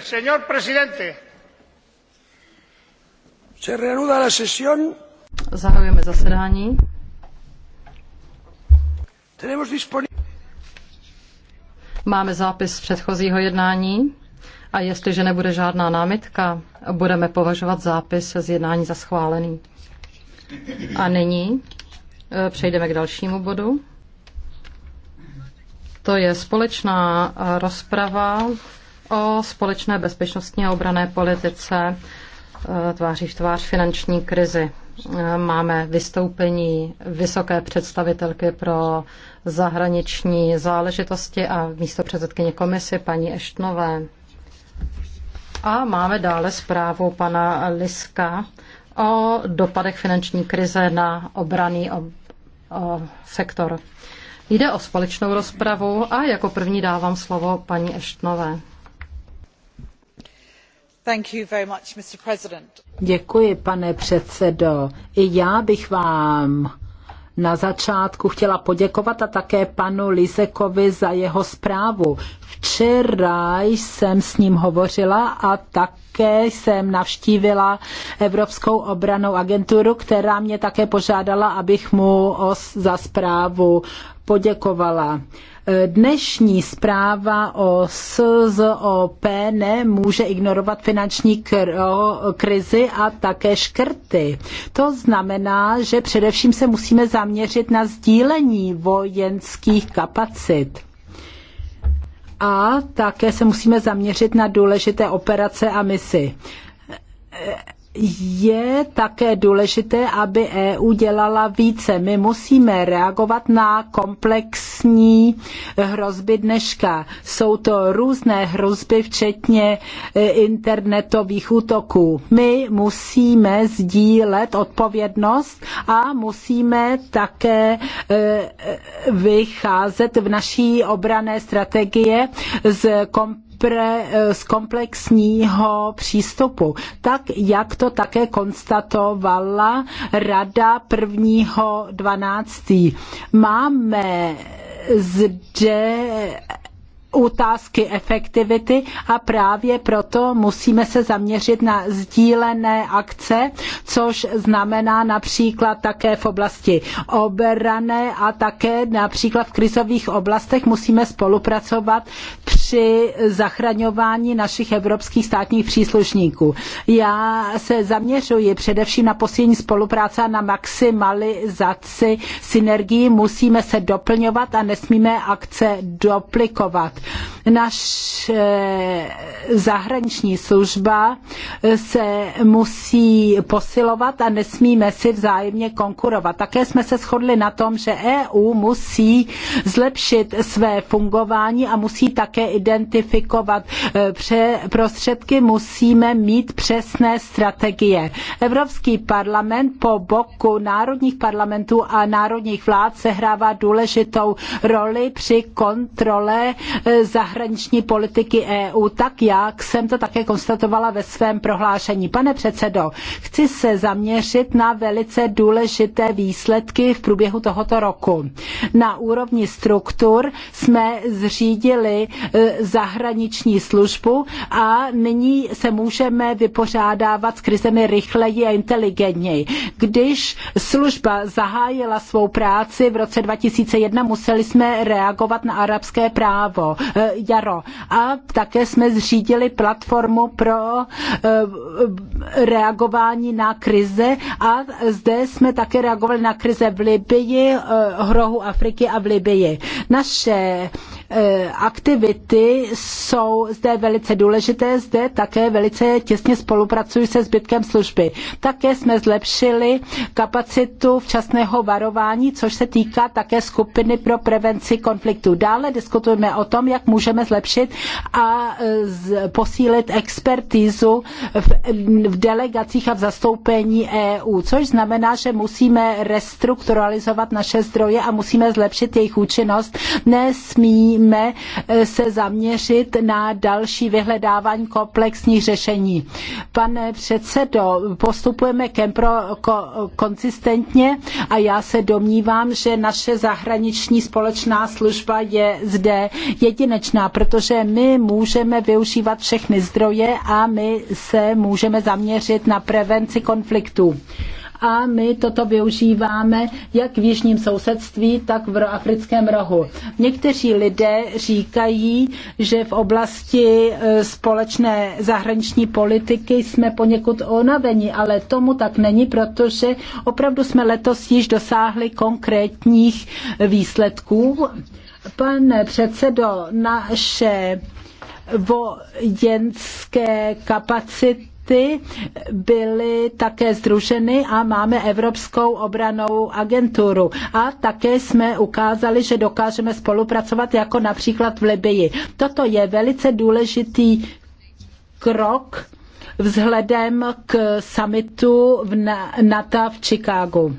señor presidente. Se reanuda la sesión. Zahajujeme zasedání. Tenemos disponible. Máme zápis z předchozího jednání a jestliže nebude žádná námitka, budeme považovat zápis z jednání za schválený. A nyní eh, přejdeme k dalšímu bodu. To je společná eh, rozprava o společné bezpečnostní a obrané politice e, tváří v tvář finanční krizi. E, máme vystoupení vysoké představitelky pro zahraniční záležitosti a místo předsedkyně komisy paní Eštnové. A máme dále zprávu pana Liska o dopadech finanční krize na obraný ob, o sektor. Jde o společnou rozpravu a jako první dávám slovo paní Eštnové. Děkuji, pane předsedající I já bych vám na začátku chtěla poděkovat a také panu Lisekovi za jeho zprávu. Včera jsem s ním hovořila a také jsem navštívila Evropskou obranou agenturu, která mě také požádala, abych mu za zprávu poděkovala. Dnešní zpráva o SZOP nemůže ignorovat finanční krizi a také škrty. To znamená, že především se musíme zaměřit na sdílení vojenských kapacit a také se musíme zaměřit na důležité operace a misi je také důležité, aby EU dělala více. My musíme reagovat na komplexní hrozby dneška. Jsou to různé hrozby, včetně e, internetových útoků. My musíme sdílet odpovědnost a musíme také e, e, vycházet v naší obrané strategie z komplexní pre, eh, z komplexního přístupu, tak jak to také konstatovala Rada 1.12. Máme zde otázky efektivity a právě proto musíme se zaměřit na sdílené akce, což znamená například také v oblasti obrané a také například v krizových oblastech musíme spolupracovat při zachraňování našich evropských státních příslušníků. Já se zaměřuji především na posílení spolupráce a na maximalizaci synergii. Musíme se doplňovat a nesmíme akce duplikovat naše zahraniční služba se musí posilovat a nesmíme si vzájemně konkurovat. Také jsme se shodli na tom, že EU musí zlepšit své fungování a musí také identifikovat eh, prostředky, musíme mít přesné strategie. Evropský parlament po boku národních parlamentů a národních vlád sehrává důležitou roli při kontrole eh, E, zahraniční politiky EU, tak jak jsem to také konstatovala ve svém prohlášení. Pane předsedo, chci se zaměřit na velice důležité výsledky v průběhu tohoto roku. Na úrovni struktur jsme zřídili e, zahraniční službu a nyní se můžeme vypořádávat s krizemi rychleji a inteligentněji. Když služba zahájila svou práci v roce 2001, museli jsme reagovat na arabské právo. Eh, jaro. A také jsme zřídili platformu pro eh, reagování na krize a zde jsme také reagovali na krize v Libii, eh, hrohu Afriky a v Libii. Naše Eh, aktivity jsou zde velice důležité, zde také velice těsně spolupracují se zbytkem služby. Také jsme zlepšili kapacitu včasného varování, což se týká také skupiny pro prevenci konfliktů. Dále diskutujeme o tom, jak můžeme zlepšit a eh, posílit expertízu v delegacích a v zastoupení EU, což znamená, že musíme restrukturalizovat naše zdroje a musíme zlepšit jejich účinnost. Nesmí musíme eh, se zaměřit na další vyhledávání komplexních řešení. Pane předsedo, postupujeme kempro konzistentně a já se domnívám, že naše zahraniční společná služba je zde jedinečná, protože my můžeme využívat všechny zdroje a my se můžeme zaměřit na prevenci konfliktů a my toto využíváme jak v jižním sousedství, tak v africkém rohu. Někteří lidé říkají, že v oblasti e, společné zahraniční politiky jsme poněkud onaveni, ale tomu tak není, protože opravdu jsme letos již dosáhli konkrétních výsledků. Pane předsedo, naše vojenské kapacity ty byly také združeny a máme Evropskou obranou agenturu. A také jsme ukázali, že dokážeme spolupracovat jako například v Libii. Toto je velice důležitý krok vzhledem k summitu v NATO v Chicagu.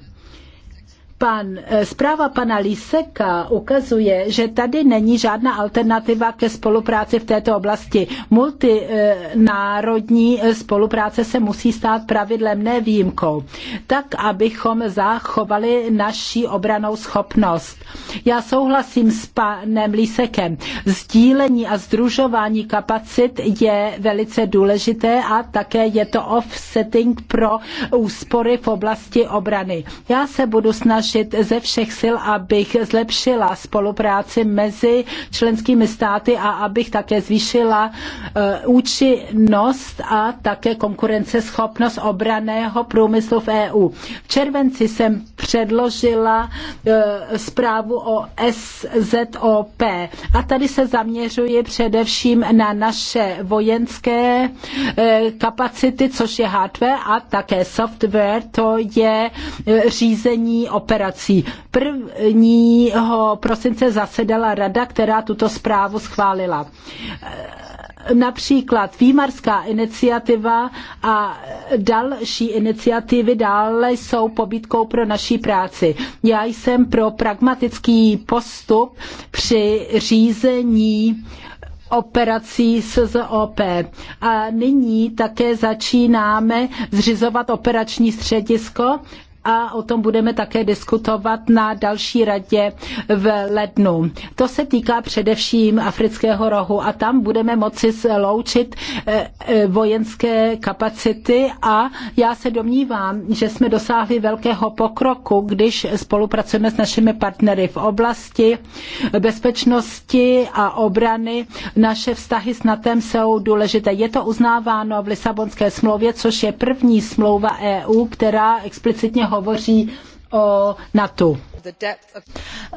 Pan, eh, zpráva pana Liseka ukazuje, že tady není žádná alternativa ke spolupráci v této oblasti. Multinárodní eh, spolupráce se musí stát pravidlem, ne výjimkou, tak abychom zachovali naši obranou schopnost. Já souhlasím s panem Lisekem. Sdílení a združování kapacit je velice důležité a také je to offsetting pro úspory v oblasti obrany. Já se budu snažit vynaložit ze všech sil, abych zlepšila spolupráci mezi členskými státy a abych také zvýšila eh, účinnost a také konkurenceschopnost obraného průmyslu v EU. V červenci jsem předložila eh, zprávu o SZOP a tady se zaměřuje především na naše vojenské eh, kapacity, což je hardware a také software, to je řízení operace operací. 1. prosince zasedala rada, která tuto zprávu schválila například výmarská iniciativa a další iniciativy dále jsou pobídkou pro naší práci. Já jsem pro pragmatický postup při řízení operací SZOP. A nyní také začínáme zřizovat operační středisko, a o tom budeme také diskutovat na další radě v lednu. To se týká především afrického rohu a tam budeme moci sloučit eh, eh, vojenské kapacity a já se domnívám, že jsme dosáhli velkého pokroku, když spolupracujeme s našimi partnery v oblasti bezpečnosti a obrany. Naše vztahy s NATEM jsou důležité. Je to uznáváno v Lisabonské smlouvě, což je první smlouva EU, která explicitně hovoří hovoří o NATO.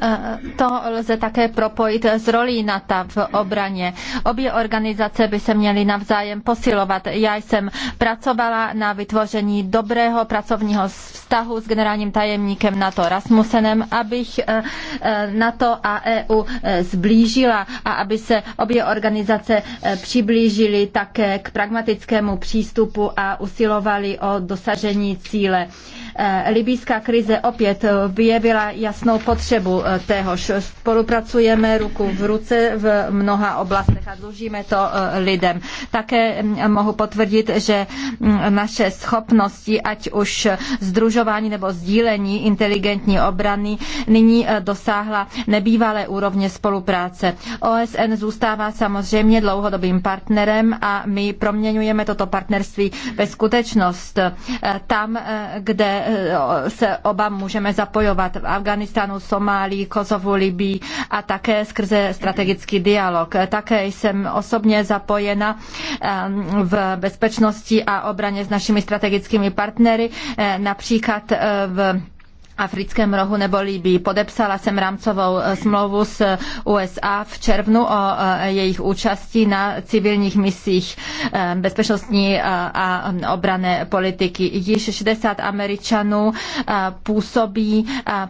Eh, to lze také propojit s rolí NATO v obraně. Obě organizace by se měly navzájem posilovat. Já jsem pracovala na vytvoření dobrého pracovního vztahu s generálním tajemníkem NATO Rasmusenem, abych eh, eh, NATO a EU zblížila a aby se obě organizace přiblížily také k pragmatickému přístupu a usilovali o dosažení cíle Eh, libýská krize opět eh, vyjevila jasnou potřebu eh, téhož. Spolupracujeme ruku v ruce v mnoha oblastech a dlužíme to eh, lidem. Také hm, mohu potvrdit, že hm, naše schopnosti, ať už združování nebo sdílení inteligentní obrany, nyní eh, dosáhla nebývalé úrovně spolupráce. OSN zůstává samozřejmě dlouhodobým partnerem a my proměňujeme toto partnerství ve skutečnost. Eh, tam, kde se oba můžeme zapojovat v Afganistánu, Somálii, Kosovu, Libii a také skrze strategický dialog. Také jsem osobně zapojena v bezpečnosti a obraně s našimi strategickými partnery, eh, například eh, v africkém rohu nebo Libii. Podepsala jsem rámcovou eh, smlouvu s eh, USA v červnu o eh, jejich účasti na civilních misích bezpečnostní a obrané politiky. Již 60 Američanů působí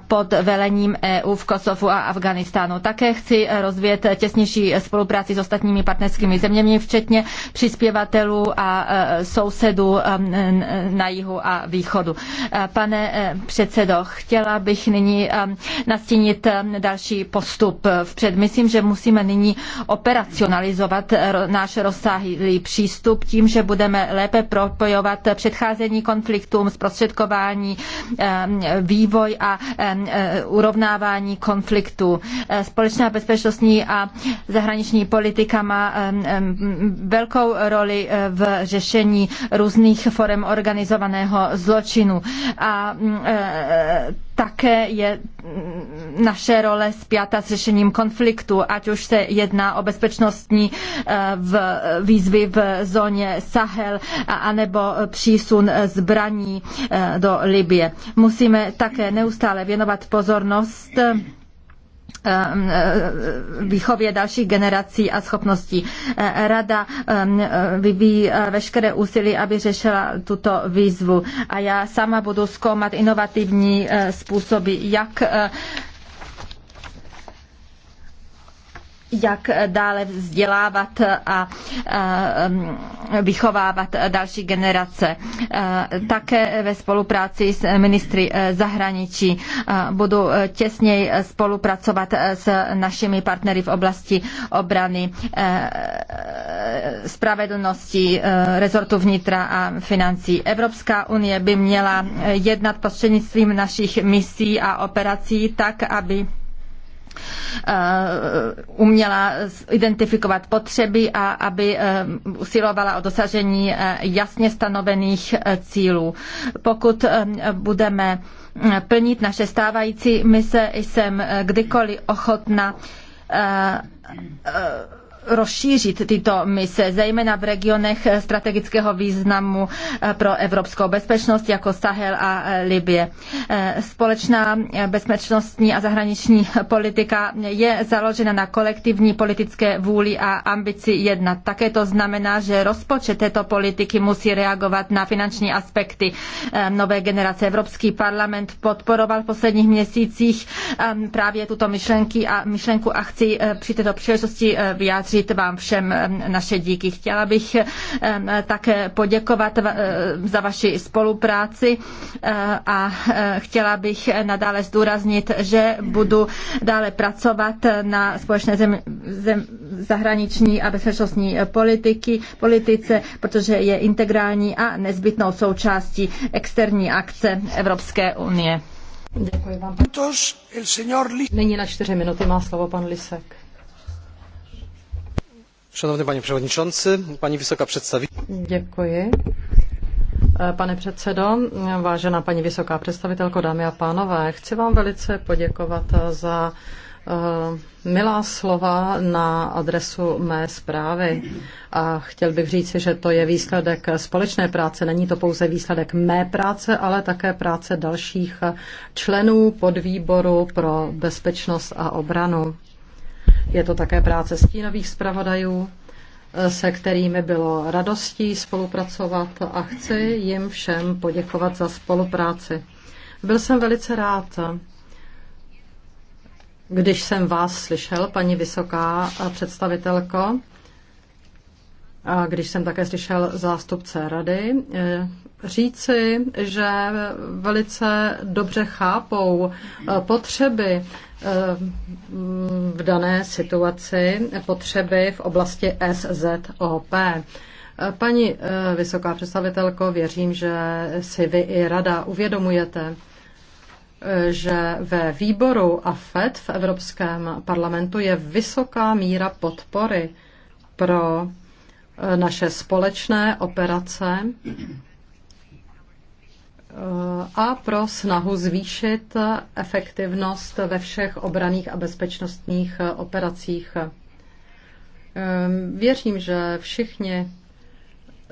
pod velením EU v Kosovu a Afganistánu. Také chci rozvíjet těsnější spolupráci s ostatními partnerskými zeměmi, včetně přispěvatelů a sousedů na jihu a východu. Pane předsedo, chtěla bych nyní um, nastínit um, další postup vpřed. Myslím, že musíme nyní operacionalizovat náš rozsáhlý přístup tím, že budeme lépe propojovat předcházení konfliktům, zprostředkování, um, vývoj a uh, urovnávání konfliktů. Uh, společná bezpečnostní a zahraniční politika má velkou roli uh, v řešení různých forem organizovaného zločinu. A také je naše role spjata s řešením konfliktu, ať už se jedná o bezpečnostní eh, v výzvy v zóně Sahel, anebo přísun zbraní eh, do Libie. Musíme také neustále věnovat pozornost Eh, výchově dalších generací a schopností. Eh, Rada eh, vyvíjí veškeré úsilí, aby řešila tuto výzvu a já sama budu zkoumat inovativní způsoby, jak jak dále vzdělávat a um, vychovávat další generace. Také ve spolupráci s ministry e, zahraničí budu e, těsněji spolupracovat e, s našimi partnery v oblasti obrany, spravedlnosti, rezortu vnitra a financí. Evropská unie by měla jednat prostřednictvím našich misí a operací tak, aby Eh, uměla identifikovat potřeby a aby eh, usilovala o dosažení eh, jasně stanovených cílů. Pokud budeme plnit naše stávající mise, jsem kdykoliv ochotna rozšířit tyto mise, zejména v regionech strategického významu eh, pro evropskou bezpečnost, jako Sahel a eh, Libie. Eh, společná bezpečnostní a zahraniční politika je založena na kolektivní politické vůli a ambici jednat. Také to znamená, že rozpočet této politiky musí reagovat na finanční aspekty nové generace. Evropský parlament podporoval v posledních měsících právě tuto myšlenky a myšlenku a chci při této příležitosti vyjádřit patřit vám všem naše díky. Chtěla bych také poděkovat za vaši spolupráci a chtěla bych nadále zdůraznit, že budu dále pracovat na společné zem, zem, zahraniční a bezpečnostní politiky, politice, protože je integrální a nezbytnou součástí externí akce Evropské unie. Děkuji vám. Nyní na čtyři minuty má slovo pan Lisek. Szanowny panie przewodniczący, pani wysoka przedstawitelko. E, Pane předsedo, vážená paní vysoká představitelko, dámy a pánové, chci vám velice poděkovat za e, milá slova na adresu mé zprávy. A chtěl bych říci, že to je výsledek společné práce. Není to pouze výsledek mé práce, ale také práce dalších členů podvýboru pro bezpečnost a obranu. Je to také práce stínových zpravodajů, eh, se kterými bylo radostí spolupracovat a chci jim všem poděkovat za spolupráci. Byl jsem velice rád, když jsem vás slyšel, paní vysoká představitelko, a když jsem také slyšel zástupce rady, eh, říci, že velice dobře chápou eh, potřeby v dané situaci potřeby v oblasti SZOP. Paní eh, vysoká představitelko, věřím, že si vy i rada uvědomujete, eh, že ve výboru a Fed v Evropském parlamentu je vysoká míra podpory pro eh, naše společné operace Eh, a pro snahu zvýšit efektivnost ve všech obraných a bezpečnostních eh, operacích. Ehm, věřím, že všichni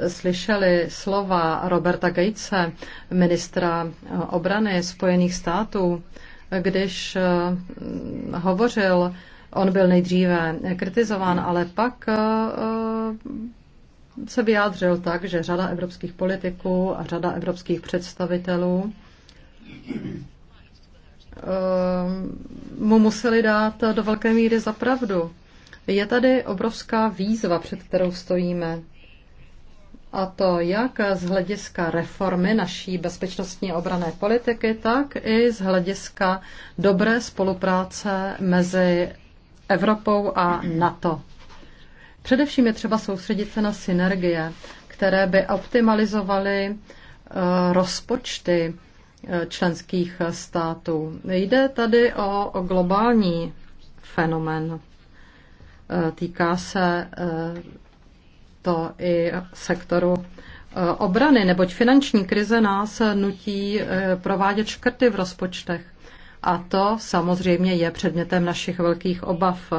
slyšeli slova Roberta Gatese, ministra eh, obrany Spojených států, když hovořil, on byl nejdříve kritizován, ale pak se vyjádřil tak, že řada evropských politiků a řada evropských představitelů ehm, mu museli dát do velké míry za pravdu. Je tady obrovská výzva, před kterou stojíme. A to jak z hlediska reformy naší bezpečnostní obrané politiky, tak i z hlediska dobré spolupráce mezi Evropou a NATO. Především je třeba soustředit se na synergie, které by optimalizovaly eh, rozpočty eh, členských států. Jde tady o globální fenomen. Eh, týká se to i sektoru obrany, neboť finanční krize nás nutí provádět škrty v rozpočtech. A to samozřejmě je předmětem našich velkých obav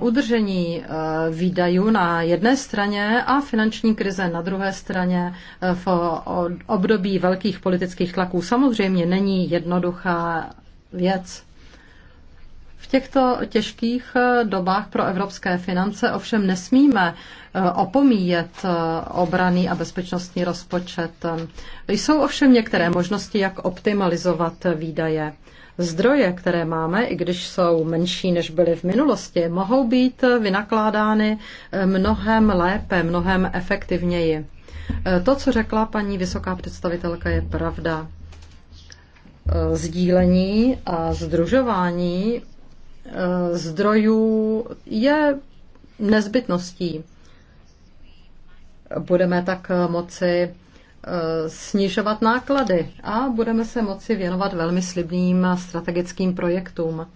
udržení eh, výdajů na jedné straně a finanční krize na druhé straně eh, v období velkých politických tlaků samozřejmě není jednoduchá věc. V těchto těžkých eh, dobách pro evropské finance ovšem nesmíme opomíjet obraný a bezpečnostní rozpočet. Jsou ovšem některé možnosti, jak optimalizovat výdaje. Zdroje, které máme, i když jsou menší, než byly v minulosti, mohou být vynakládány eh, mnohem lépe, mnohem efektivněji. Eh, to, co řekla paní vysoká představitelka, je pravda. Eh, sdílení a združování zdrojů je nezbytností. Budeme tak moci Eh, snižovat náklady a budeme se moci věnovat velmi slibným strategickým projektům.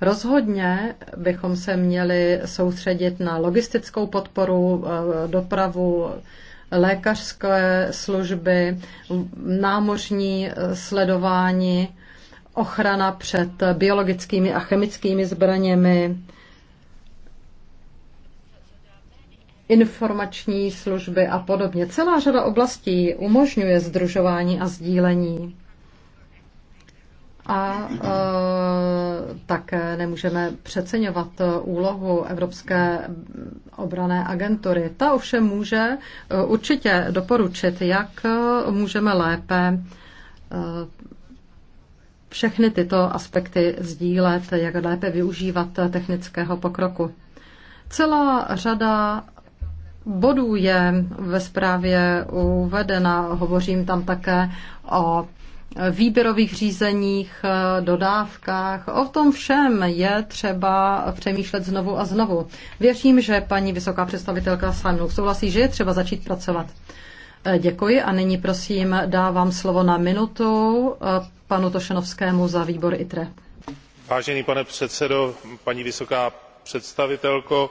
Rozhodně bychom se měli soustředit na logistickou podporu, eh, dopravu, lékařské služby, námořní eh, sledování, ochrana před biologickými a chemickými zbraněmi, informační služby a podobně. Celá řada oblastí umožňuje združování a sdílení. A e, také nemůžeme přeceňovat e, úlohu Evropské obrané agentury. Ta ovšem může e, určitě doporučit, jak e, můžeme lépe všechny tyto aspekty sdílet, jak lépe využívat technického pokroku. Celá řada bodů je ve zprávě uvedena. Hovořím tam také o výběrových řízeních, dodávkách. O tom všem je třeba přemýšlet znovu a znovu. Věřím, že paní vysoká představitelka s mnou souhlasí, že je třeba začít pracovat. Děkuji a nyní prosím dávám slovo na minutu eh, panu Tošenovskému za výbor ITRE. Vážený pane předsedo, paní vysoká představitelko,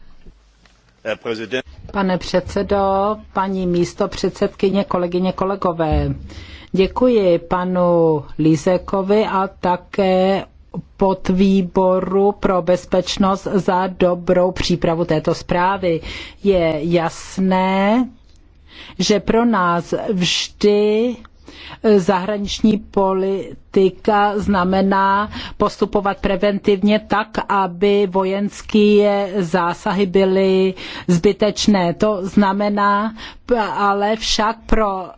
Pane předsedo, paní místo předsedkyně, kolegyně, kolegové, děkuji panu Lízekovi a také podvýboru pro bezpečnost za dobrou přípravu této zprávy. Je jasné, že pro nás vždy zahraniční politika znamená postupovat preventivně tak, aby vojenské zásahy byly zbytečné. To znamená ale však pro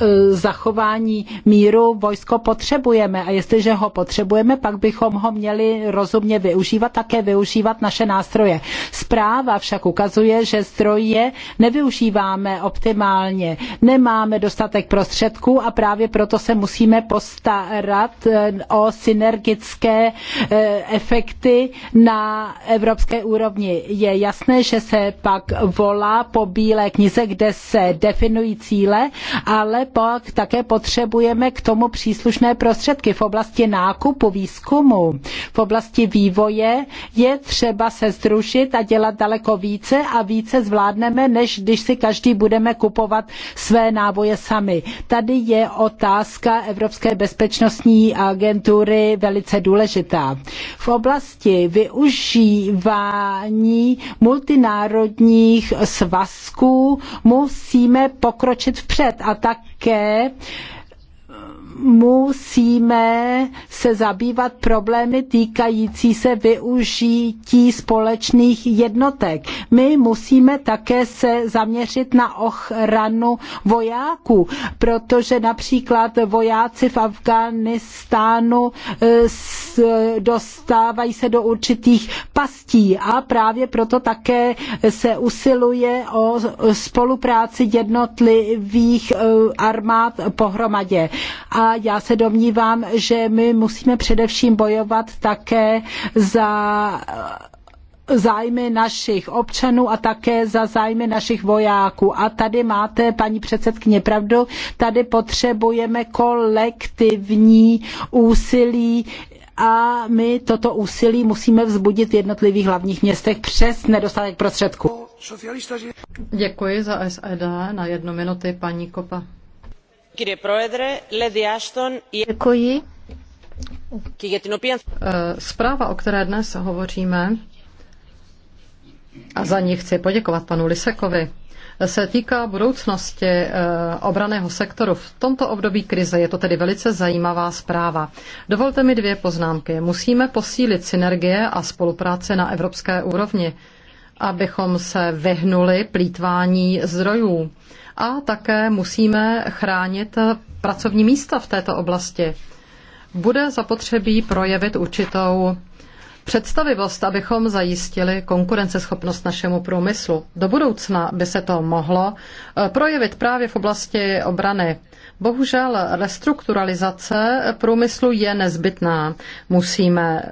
E, zachování míru vojsko potřebujeme a jestliže ho potřebujeme, pak bychom ho měli rozumně využívat, také využívat naše nástroje. Zpráva však ukazuje, že zdroje nevyužíváme optimálně, nemáme dostatek prostředků a právě proto se musíme postarat e, o synergické e, efekty na evropské úrovni. Je jasné, že se pak volá po bílé knize, kde se definují cíle, ale ale pak také potřebujeme k tomu příslušné prostředky. V oblasti nákupu, výzkumu, v oblasti vývoje je třeba se združit a dělat daleko více a více zvládneme, než když si každý budeme kupovat své náboje sami. Tady je otázka Evropské bezpečnostní agentury velice důležitá. V oblasti využívání multinárodních svazků musíme pokročit vpřed a tak que musíme se zabývat problémy týkající se využití společných jednotek. My musíme také se zaměřit na ochranu vojáků, protože například vojáci v Afghánistánu eh, dostávají se do určitých pastí a právě proto také se usiluje o spolupráci jednotlivých eh, armád pohromadě. A a já se domnívám, že my musíme především bojovat také za eh, zájmy našich občanů a také za zájmy našich vojáků. A tady máte, paní předsedkyně, pravdu, tady potřebujeme kolektivní úsilí a my toto úsilí musíme vzbudit v jednotlivých hlavních městech přes nedostatek prostředků. Děkuji za SED na jednu minuty, paní Kopa. Děkuji. Zpráva, o které dnes hovoříme, a za ní chci poděkovat panu Lisekovi, se týká budoucnosti e, obraného sektoru. V tomto období krize je to tedy velice zajímavá zpráva. Dovolte mi dvě poznámky. Musíme posílit synergie a spolupráce na evropské úrovni, abychom se vyhnuli plítvání zdrojů a také musíme chránit pracovní místa v této oblasti. Bude zapotřebí projevit určitou představivost, abychom zajistili konkurenceschopnost našemu průmyslu. Do budoucna by se to mohlo eh, projevit právě v oblasti obrany. Bohužel restrukturalizace průmyslu je nezbytná. Musíme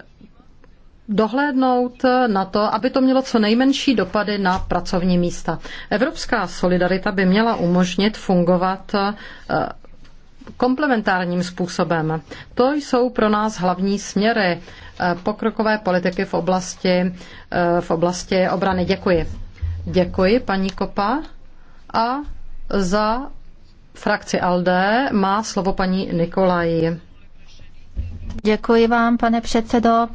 dohlédnout na to, aby to mělo co nejmenší dopady na pracovní místa. Evropská solidarita by měla umožnit fungovat eh, komplementárním způsobem. To jsou pro nás hlavní směry eh, pokrokové politiky v oblasti, eh, v oblasti obrany. Děkuji. Děkuji, paní Kopa. A za frakci ALDE má slovo paní Nikolaj. Děkuji vám, pane předsedo.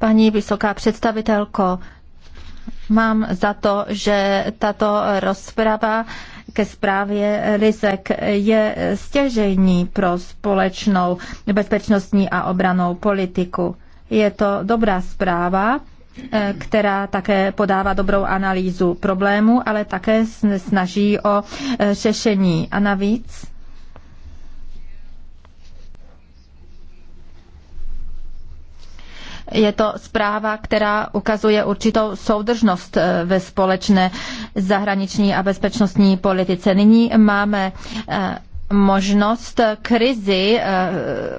Paní vysoká představitelko, mám za to, že tato rozprava ke zprávě Lisek je stěžejní pro společnou bezpečnostní a obranou politiku. Je to dobrá zpráva, která také podává dobrou analýzu problému, ale také snaží o řešení. A navíc Je to zpráva, která ukazuje určitou soudržnost eh, ve společné zahraniční a bezpečnostní politice. Nyní máme eh, možnost krizi eh,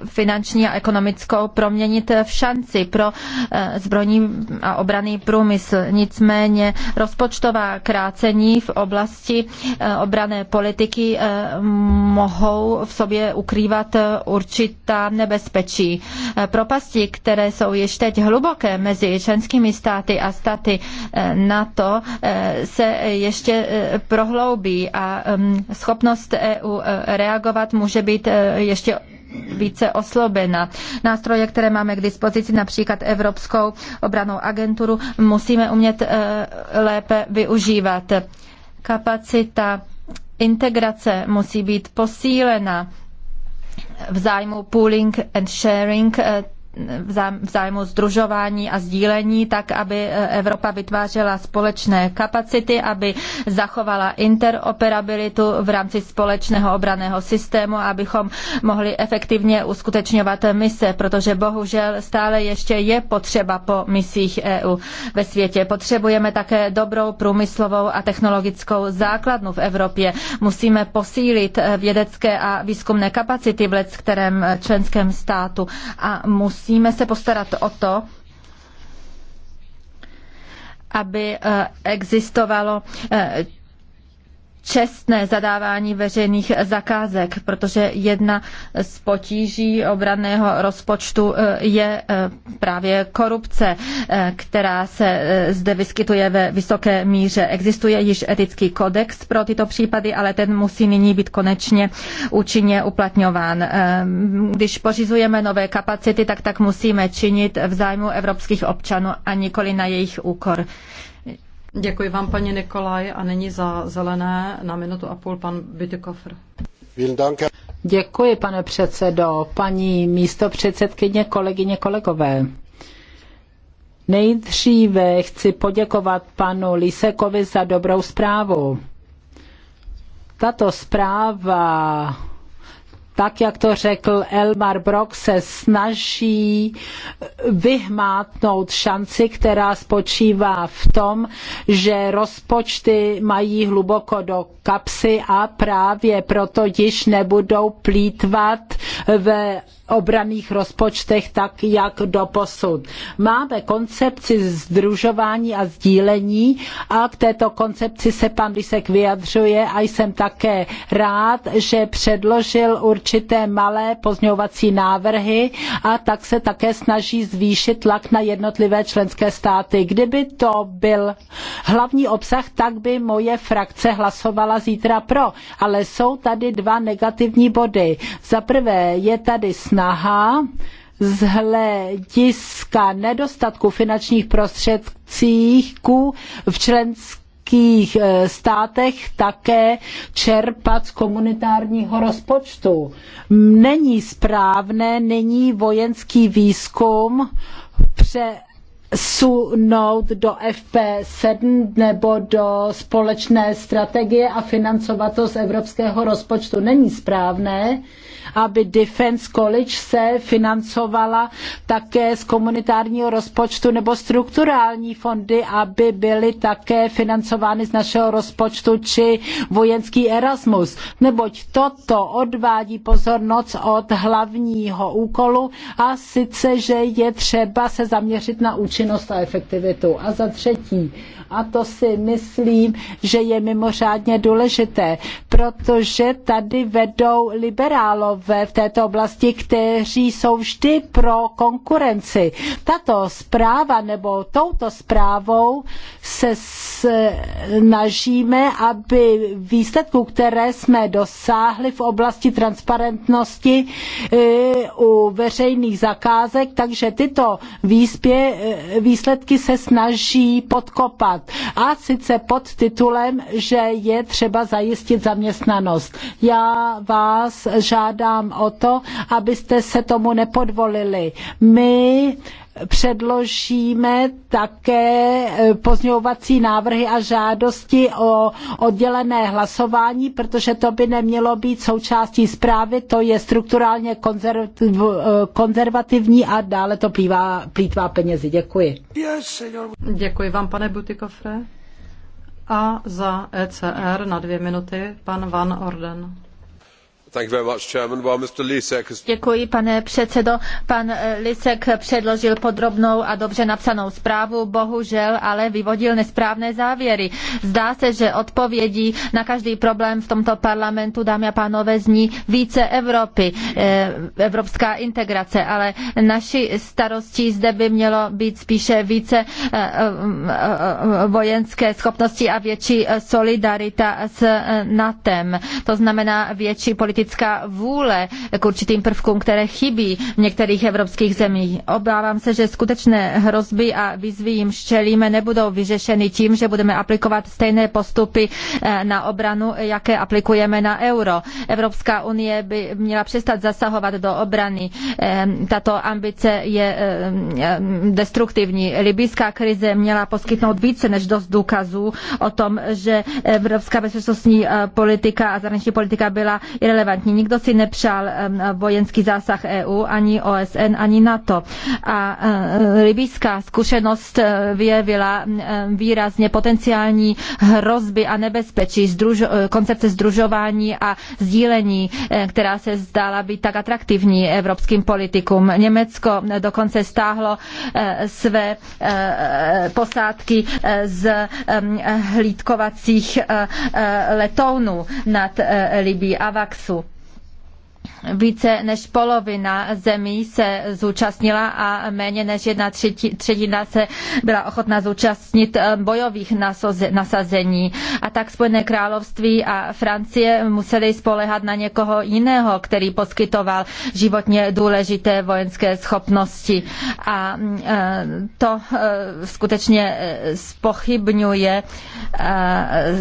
finanční a ekonomickou proměnit v šanci pro eh, zbrojní a obraný průmysl. Nicméně rozpočtová krácení v oblasti eh, obrané politiky mohou v sobě ukrývat určitá nebezpečí. Propasti, které jsou již teď hluboké mezi členskými státy a státy NATO, se ještě prohloubí a schopnost EU reagovat, může být eh, ještě více oslobena. Nástroje, které máme k dispozici, například Evropskou obranou agenturu, musíme umět eh, lépe využívat. Kapacita integrace musí být posílena v zájmu pooling and sharing eh, v zájmu združování a sdílení, tak aby eh, Evropa vytvářela společné kapacity, aby zachovala interoperabilitu v rámci společného obraného systému, abychom mohli efektivně uskutečňovat mise, protože bohužel stále ještě je potřeba po misích EU ve světě. Potřebujeme také dobrou průmyslovou a technologickou základnu v Evropě. Musíme posílit eh, vědecké a výzkumné kapacity v let kterém eh, členském státu a musí musíme se postarat o to, aby eh, existovalo eh, čestné zadávání veřejných zakázek, protože jedna z potíží obranného rozpočtu e, je e, právě korupce, e, která se zde vyskytuje ve vysoké míře. Existuje již etický kodex pro tyto případy, ale ten musí nyní být konečně účinně uplatňován. Když pořizujeme nové kapacity, tak tak musíme činit v zájmu evropských občanů a nikoli na jejich úkor. Děkuji vám, paní Nikolaj, a nyní za zelené na minutu a půl pan Bytykofr. Děkuji, pane předsedo, paní místo předsedkyně, kolegyně, kolegové. Nejdříve chci poděkovat panu Lisekovi za dobrou zprávu. Tato zpráva tak jak to řekl Elmar Brok, se snaží vyhmátnout šanci, která spočívá v tom, že rozpočty mají hluboko do kapsy a právě proto již nebudou plítvat ve obraných rozpočtech tak, jak do posud. Máme koncepci združování a sdílení a k této koncepci se pan Lisek vyjadřuje a jsem také rád, že předložil určité malé pozňovací návrhy a tak se také snaží zvýšit tlak na jednotlivé členské státy. Kdyby to byl hlavní obsah, tak by moje frakce hlasovala zítra pro, ale jsou tady dva negativní body. Za prvé je tady snaha snaha z hlediska nedostatku finančních prostředků v členských eh, státech také čerpat z komunitárního rozpočtu. Není správné nyní vojenský výzkum pře sunout do FP7 nebo do společné strategie a financovat to z evropského rozpočtu. Není správné, aby Defense College se financovala také z komunitárního rozpočtu nebo strukturální fondy, aby byly také financovány z našeho rozpočtu či vojenský Erasmus. Neboť toto odvádí pozornost od hlavního úkolu a sice, že je třeba se zaměřit na účinnost a efektivitu. A za třetí, a to si myslím, že je mimořádně důležité, protože tady vedou liberálo v této oblasti, kteří jsou vždy pro konkurenci. Tato zpráva nebo touto zprávou se snažíme, aby výsledků, které jsme dosáhli v oblasti transparentnosti e, u veřejných zakázek, takže tyto výspě, e, výsledky se snaží podkopat. A sice pod titulem, že je třeba zajistit zaměstnanost. Já vás žádám, žádám o to, abyste se tomu nepodvolili. My předložíme také e, pozňovací návrhy a žádosti o oddělené hlasování, protože to by nemělo být součástí zprávy, to je strukturálně e, konzervativní a dále to plývá, plýtvá penězi. Děkuji. Děkuji vám, pane Butikofre. A za ECR na dvě minuty pan Van Orden. Děkuji, pane předsedo. Pan eh, Lisek předložil podrobnou a dobře napsanou zprávu, bohužel ale vyvodil nesprávné závěry. Zdá se, že odpovědí na každý problém v tomto parlamentu, dámy a pánové, zní více Evropy, eh, evropská integrace, ale naši starostí zde by mělo být spíše více eh, vojenské schopnosti a větší solidarita s NATEM. To znamená větší politická politická vůle k určitým prvkům, které chybí v některých evropských zemích. Obávám se, že skutečné hrozby a výzvy jim štělíme nebudou vyřešeny tím, že budeme aplikovat stejné postupy eh, na obranu, jaké aplikujeme na euro. Evropská unie by měla přestat zasahovat do obrany. Ehm, tato ambice je ehm, ehm, destruktivní. Libyská krize měla poskytnout více než dost důkazů o tom, že evropská bezpečnostní eh, politika a zahraniční politika byla irrelevantní relevantní. Nikdo si nepřál vojenský zásah EU, ani OSN, ani NATO. A libýská e, zkušenost e, vyjevila výrazně potenciální hrozby a nebezpečí združ, e, koncepce združování a sdílení, která se zdála být tak atraktivní evropským politikům. Německo dokonce stáhlo své posádky z hlídkovacích letounů nad Libí Avaxu více než polovina zemí se zúčastnila a méně než jedna třetina se byla ochotna zúčastnit eh, bojových nasazení. A tak Spojené království a Francie museli spolehat na někoho jiného, který poskytoval životně důležité vojenské schopnosti. A eh, to eh, skutečně spochybňuje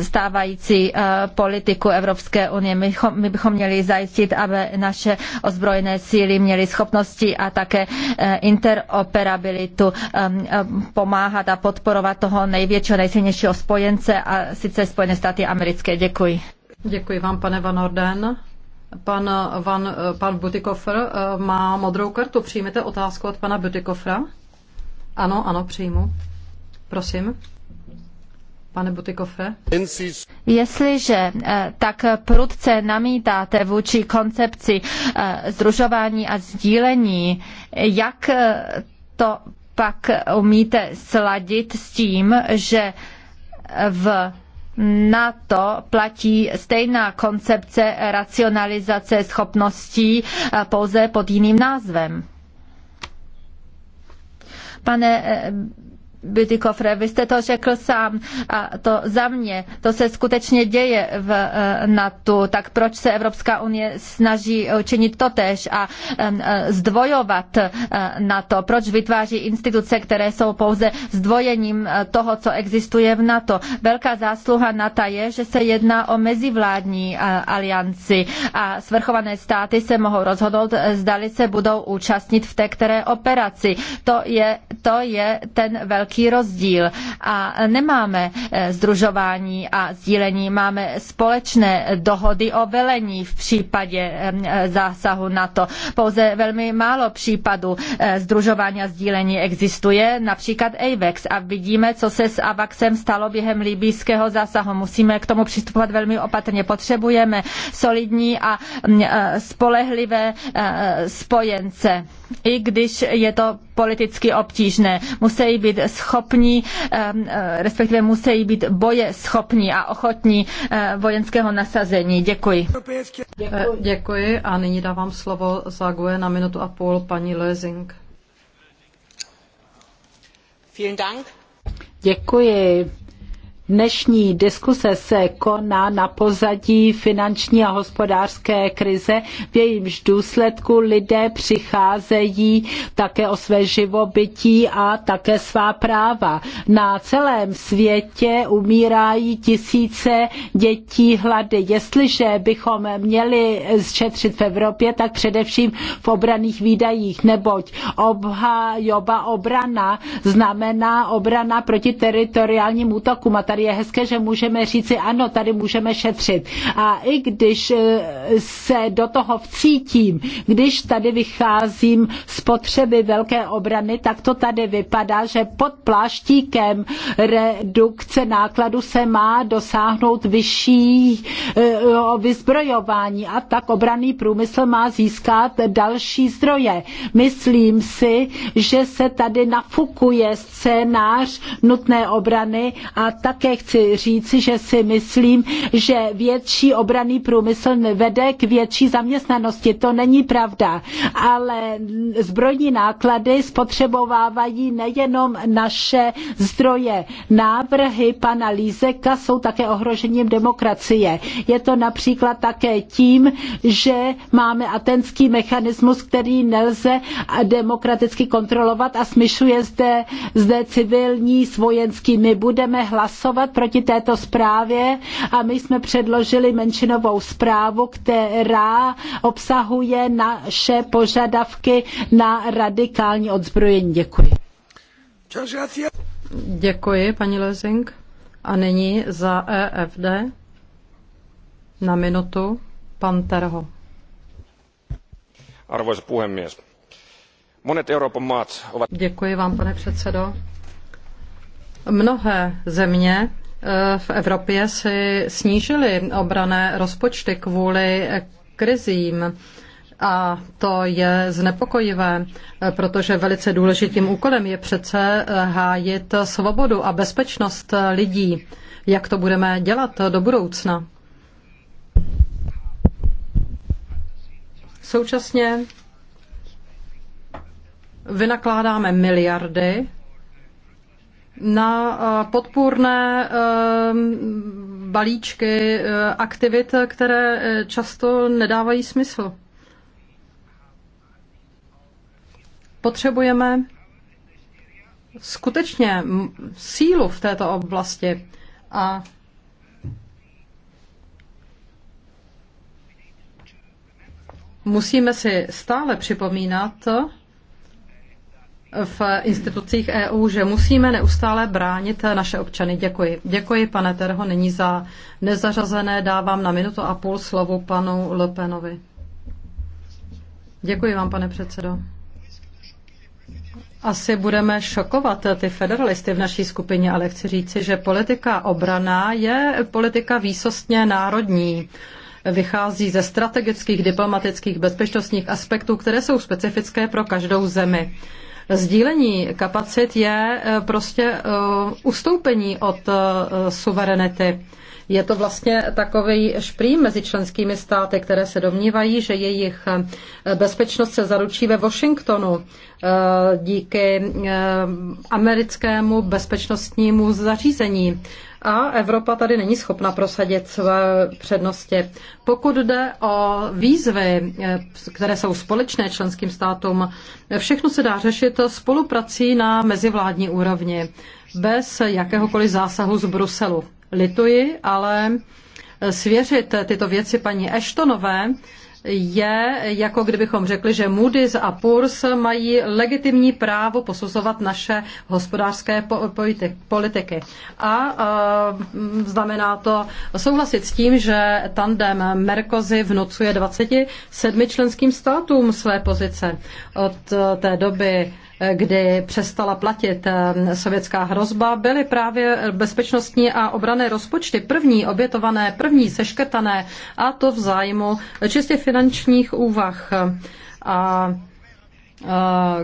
stávající politiku Evropské unie. My bychom měli zajistit, aby na naše ozbrojené síly měly schopnosti a také eh, interoperabilitu eh, eh, pomáhat a podporovat toho největšího, nejsilnějšího spojence a sice Spojené státy americké. Děkuji. Děkuji vám, pane Van Orden. Pan, Van, pan Butikofr má modrou kartu. Přijmete otázku od pana Butikofra? Ano, ano, přijmu. Prosím. Pane Butikofe? Jestliže eh, tak prudce namítáte vůči koncepci eh, združování a sdílení, jak eh, to pak umíte sladit s tím, že v na to platí stejná koncepce racionalizace schopností pouze pod jiným názvem. Pane Bydikofre, vy jste to řekl sám a to za mě, to se skutečně děje v eh, NATO, tak proč se Evropská unie snaží eh, činit totež a eh, zdvojovat NATO? Proč vytváří instituce, které jsou pouze zdvojením toho, co existuje v NATO? Velká zásluha NATO je, že se jedná o mezivládní alianci a svrchované státy se mohou rozhodnout, zdali se budou účastnit v té které operaci. To je, to je ten velký velký rozdíl a nemáme eh, združování a sdílení, máme společné dohody o velení v případě eh, zásahu NATO. Pouze velmi málo případů eh, združování a sdílení existuje, například AVEX a vidíme, co se s AVAXem stalo během libýského zásahu. Musíme k tomu přistupovat velmi opatrně. Potřebujeme solidní a mm, spolehlivé spojence, i když je to politicky obtížné. Musí být schopní, eh, respektive musí být boje schopní a ochotní eh, vojenského nasazení. Děkuji. Eh, děkuji a nyní dávám slovo za GUE na minutu a půl paní Lezing. Děkuji. Dnešní diskuse se koná na pozadí finanční a hospodářské krize, v jejímž důsledku lidé přicházejí také o své živobytí a také svá práva. Na celém světě umírají tisíce dětí hlady. Jestliže bychom měli šetřit v Evropě, tak především v obraných výdajích, neboť obhajoba obrana znamená obrana proti teritoriálním útokům. A tady tady je hezké, že můžeme říci, ano, tady můžeme šetřit. A i když eh, se do toho vcítím, když tady vycházím z potřeby velké obrany, tak to tady vypadá, že pod pláštíkem redukce nákladu se má dosáhnout vyšší eh, vyzbrojování a tak obraný průmysl má získat další zdroje. Myslím si, že se tady nafukuje scénář nutné obrany a také také chci říci, že si myslím, že větší obraný průmysl vede k větší zaměstnanosti. To není pravda, ale zbrojní náklady spotřebovávají nejenom naše zdroje. Návrhy pana Lízeka jsou také ohrožením demokracie. Je to například také tím, že máme atenský mechanismus, který nelze demokraticky kontrolovat a smyšuje zde, zde civilní s vojenskými. Budeme hlasovat vyjednávat proti této zprávě a my jsme předložili menšinovou zprávu, která obsahuje naše požadavky na radikální odzbrojení. Děkuji. Děkuji, paní Lezing. A nyní za EFD na minutu pan Terho. Arvoisa puhemies. Monet Euroopan maat ovat... Děkuji vám, pane předsedo. Mnohé země eh, v Evropě si snížily obrané rozpočty kvůli eh, krizím. A to je znepokojivé, eh, protože velice důležitým úkolem je přece hájit svobodu a bezpečnost lidí. Jak to budeme dělat do budoucna? Současně vynakládáme miliardy na eh, podpůrné eh, balíčky eh, aktivit, které často nedávají smysl. Potřebujeme skutečně sílu v této oblasti a musíme si stále připomínat, v institucích EU, že musíme neustále bránit naše občany. Děkuji. Děkuji, pane Terho, nyní za nezařazené. Dávám na minutu a půl slovu panu Lepenovi. Děkuji vám, pane předsedo. Asi budeme šokovat ty federalisty v naší skupině, ale chci říci, že politika obrana je politika výsostně národní vychází ze strategických, diplomatických, bezpečnostních aspektů, které jsou specifické pro každou zemi. Sdílení kapacit je eh, prostě eh, ustoupení od eh, suverenity. Je to vlastně takový šprým mezi členskými státy, které se domnívají, že jejich bezpečnost se zaručí ve Washingtonu díky americkému bezpečnostnímu zařízení a Evropa tady není schopna prosadit své přednosti. Pokud jde o výzvy, eh, které jsou společné členským státům, všechno se dá řešit spoluprací na mezivládní úrovni, bez jakéhokoliv zásahu z Bruselu. Lituji, ale svěřit tyto věci paní Eštonové je, jako kdybychom řekli, že Moody's a Purs mají legitimní právo posuzovat naše hospodářské politiky. A e, znamená to souhlasit s tím, že tandem Merkozy vnucuje 27 členským státům své pozice. Od té doby kdy přestala platit eh, sovětská hrozba, byly právě bezpečnostní a obrané rozpočty první obětované, první seškrtané a to v zájmu čistě finančních úvah. A eh,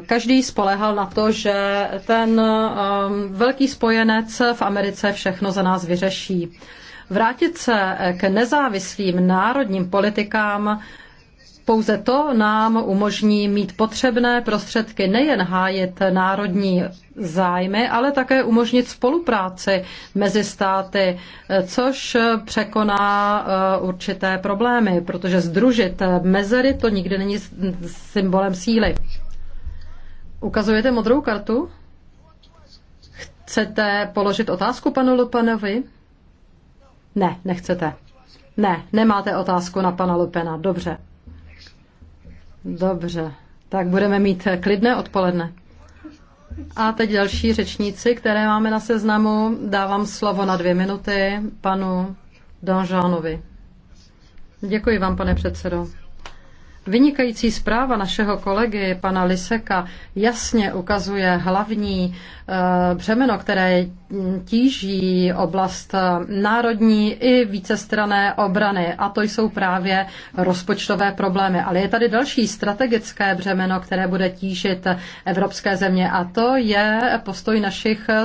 každý spolehal na to, že ten eh, velký spojenec v Americe všechno za nás vyřeší. Vrátit se k nezávislým národním politikám pouze to nám umožní mít potřebné prostředky nejen hájit národní zájmy, ale také umožnit spolupráci mezi státy, což překoná eh, určité problémy, protože združit mezery to nikdy není symbolem síly. Ukazujete modrou kartu? Chcete položit otázku panu Lupanovi? Ne, nechcete. Ne, nemáte otázku na pana Lupena. Dobře. Dobře, tak budeme mít klidné odpoledne. A teď další řečníci, které máme na seznamu. Dávám slovo na dvě minuty panu Danžánovi. Děkuji vám, pane předsedo. Vynikající zpráva našeho kolegy, pana Liseka, jasně ukazuje hlavní eh, břemeno, které tíží oblast eh, národní i vícestrané obrany. A to jsou právě rozpočtové problémy. Ale je tady další strategické břemeno, které bude tížit evropské země. A to je postoj našich eh,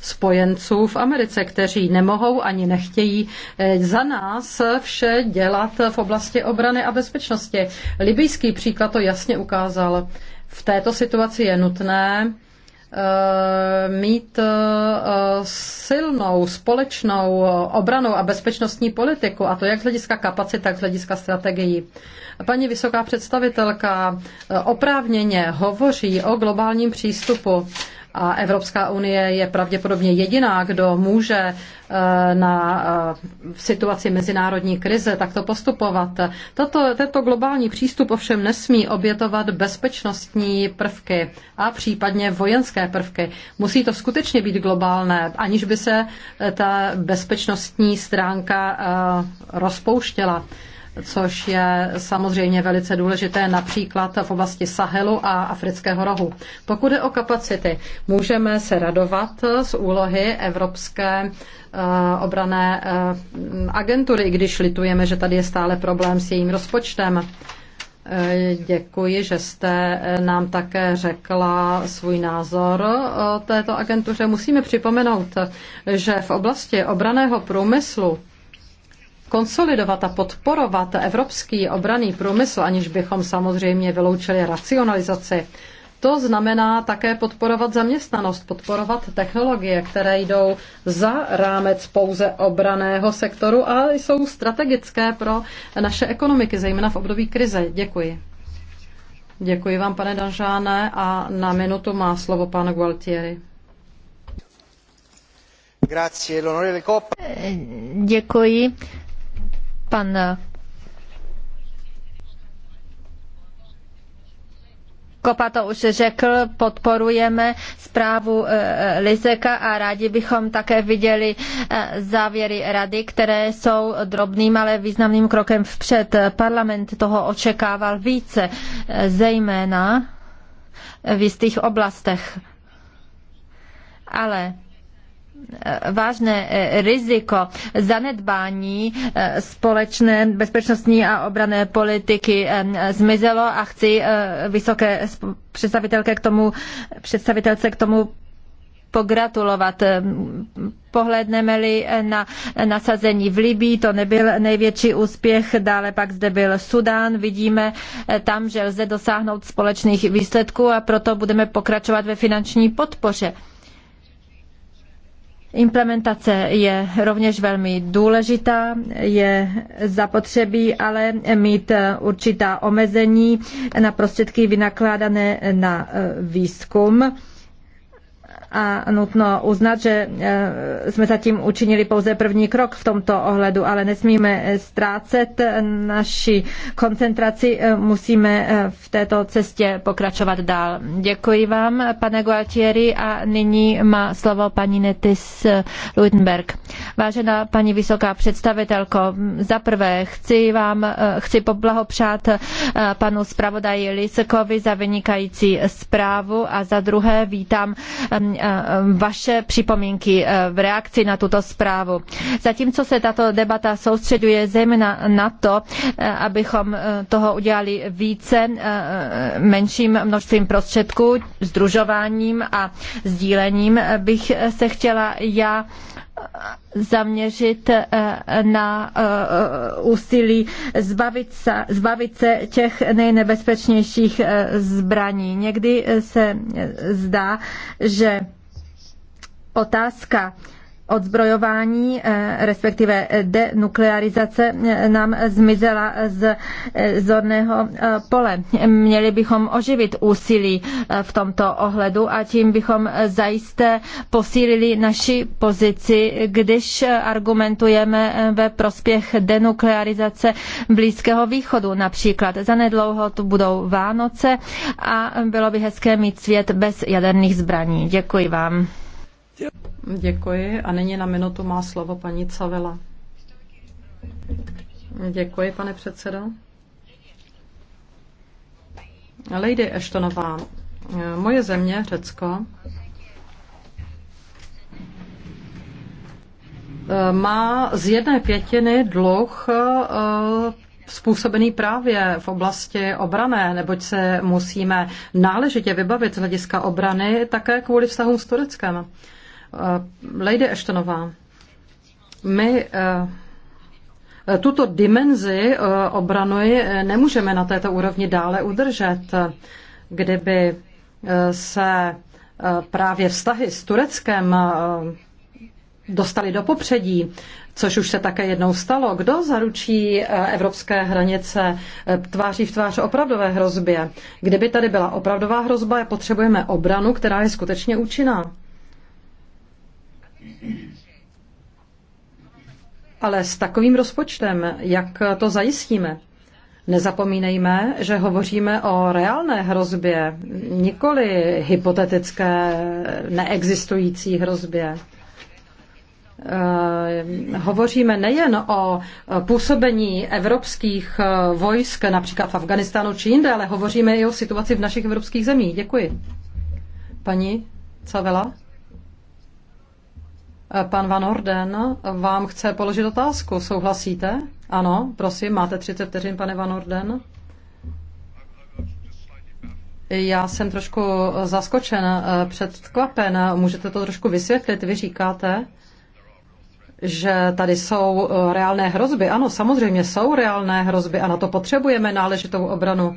spojenců v Americe, kteří nemohou ani nechtějí za nás vše dělat v oblasti obrany a bezpečnosti. Libijský příklad to jasně ukázal. V této situaci je nutné eh, mít eh, silnou společnou obranou a bezpečnostní politiku, a to jak z hlediska kapacit, tak z hlediska strategií. Paní vysoká představitelka eh, oprávněně hovoří o globálním přístupu a Evropská unie je pravděpodobně jediná, kdo může eh, na eh, situaci mezinárodní krize takto postupovat. Tato, tento globální přístup ovšem nesmí obětovat bezpečnostní prvky a případně vojenské prvky. Musí to skutečně být globálné, aniž by se ta bezpečnostní stránka eh, rozpouštěla což je samozřejmě velice důležité například v oblasti Sahelu a Afrického rohu. Pokud je o kapacity, můžeme se radovat z úlohy Evropské eh, obrané eh, agentury, když litujeme, že tady je stále problém s jejím rozpočtem. Eh, děkuji, že jste nám také řekla svůj názor o této agentuře. Musíme připomenout, že v oblasti obraného průmyslu konsolidovat a podporovat evropský obraný průmysl, aniž bychom samozřejmě vyloučili racionalizaci. To znamená také podporovat zaměstnanost, podporovat technologie, které jdou za rámec pouze obraného sektoru a jsou strategické pro naše ekonomiky, zejména v období krize. Děkuji. Děkuji vám, pane Danžáne, a na minutu má slovo pan Gualtieri. Děkuji. Pan eh, Kopa to už řekl, podporujeme zprávu eh, eh, Liseka a rádi bychom také viděli závěry rady, které jsou drobným, ale významným krokem vpřed. Parlament toho očekával více, zejména v jistých oblastech. Ale vážné e, riziko zanedbání e, společné bezpečnostní a obrané politiky e, zmizelo a chci vysoké představitelce k tomu, představitelce k tomu pogratulovat. Pohledneme-li na nasazení v Libii, to nebyl největší úspěch, dále pak zde byl Sudán, vidíme tam, že lze dosáhnout společných výsledků a proto budeme pokračovat ve finanční podpoře. Implementace je rovněž velmi důležitá, je zapotřebí ale mít eh, určitá omezení na prostředky vynakládané na eh, výzkum a nutno uznat, že e, jsme zatím učinili pouze první krok v tomto ohledu, ale nesmíme ztrácet naši koncentraci, e, musíme e, v této cestě pokračovat dál. Děkuji vám, pane Gualtieri, a nyní má slovo paní Netis Luitenberg. Vážená paní vysoká představitelko, za prvé chci vám, chci poblahopřát panu zpravodaji Lisekovi za vynikající zprávu a za druhé vítám Eh, vaše připomínky eh, v reakci na tuto zprávu. Zatímco se tato debata soustředuje zejména na to, eh, abychom toho udělali více menším množstvím prostředků, združováním a sdílením, bych se chtěla já zaměřit eh, na eh, úsilí zbavit se, zbavit se těch nejnebezpečnějších eh, zbraní. Někdy se zdá, že otázka odzbrojování, eh, respektive denuklearizace eh, nám zmizela z eh, zorného pole. Měli bychom oživit úsilí v tomto ohledu a tím bychom zajisté posílili naši pozici, když argumentujeme ve prospěch denuklearizace Blízkého východu například. Zanedlouho tu budou Vánoce a bylo by hezké mít svět bez jaderných zbraní. Děkuji vám. Děkuji a nyní na minutu má slovo paní Cavela. Děkuji, pane předsedo. Lady Eštonová, moje země, Řecko, má z jedné pětiny dluh eh, způsobený právě v oblasti obrané, neboť se musíme náležitě vybavit z hlediska obrany také kvůli vztahům s Tureckem. Eh, Lady Eštonová, my eh, tuto dimenzi eh, obrany nemůžeme na této úrovni dále udržet, kdyby se právě vztahy s Tureckem dostali do popředí, což už se také jednou stalo. Kdo zaručí evropské hranice tváří v tvář opravdové hrozbě? Kdyby tady byla opravdová hrozba, potřebujeme obranu, která je skutečně účinná. Ale s takovým rozpočtem, jak to zajistíme? Nezapomínejme, že hovoříme o reálné hrozbě, nikoli hypotetické, neexistující hrozbě. Eh, hovoříme nejen o působení evropských eh, vojsk, například v Afganistánu či jinde, ale hovoříme i o situaci v našich evropských zemích. Děkuji. Paní Cavela? Pan Van Orden vám chce položit otázku. Souhlasíte? Ano, prosím, máte 30 vteřin, pane Van Orden. Já jsem trošku zaskočen, eh, předkvapen. Můžete to trošku vysvětlit? Vy říkáte, že tady jsou eh, reálné hrozby. Ano, samozřejmě jsou reálné hrozby a na to potřebujeme náležitou obranu.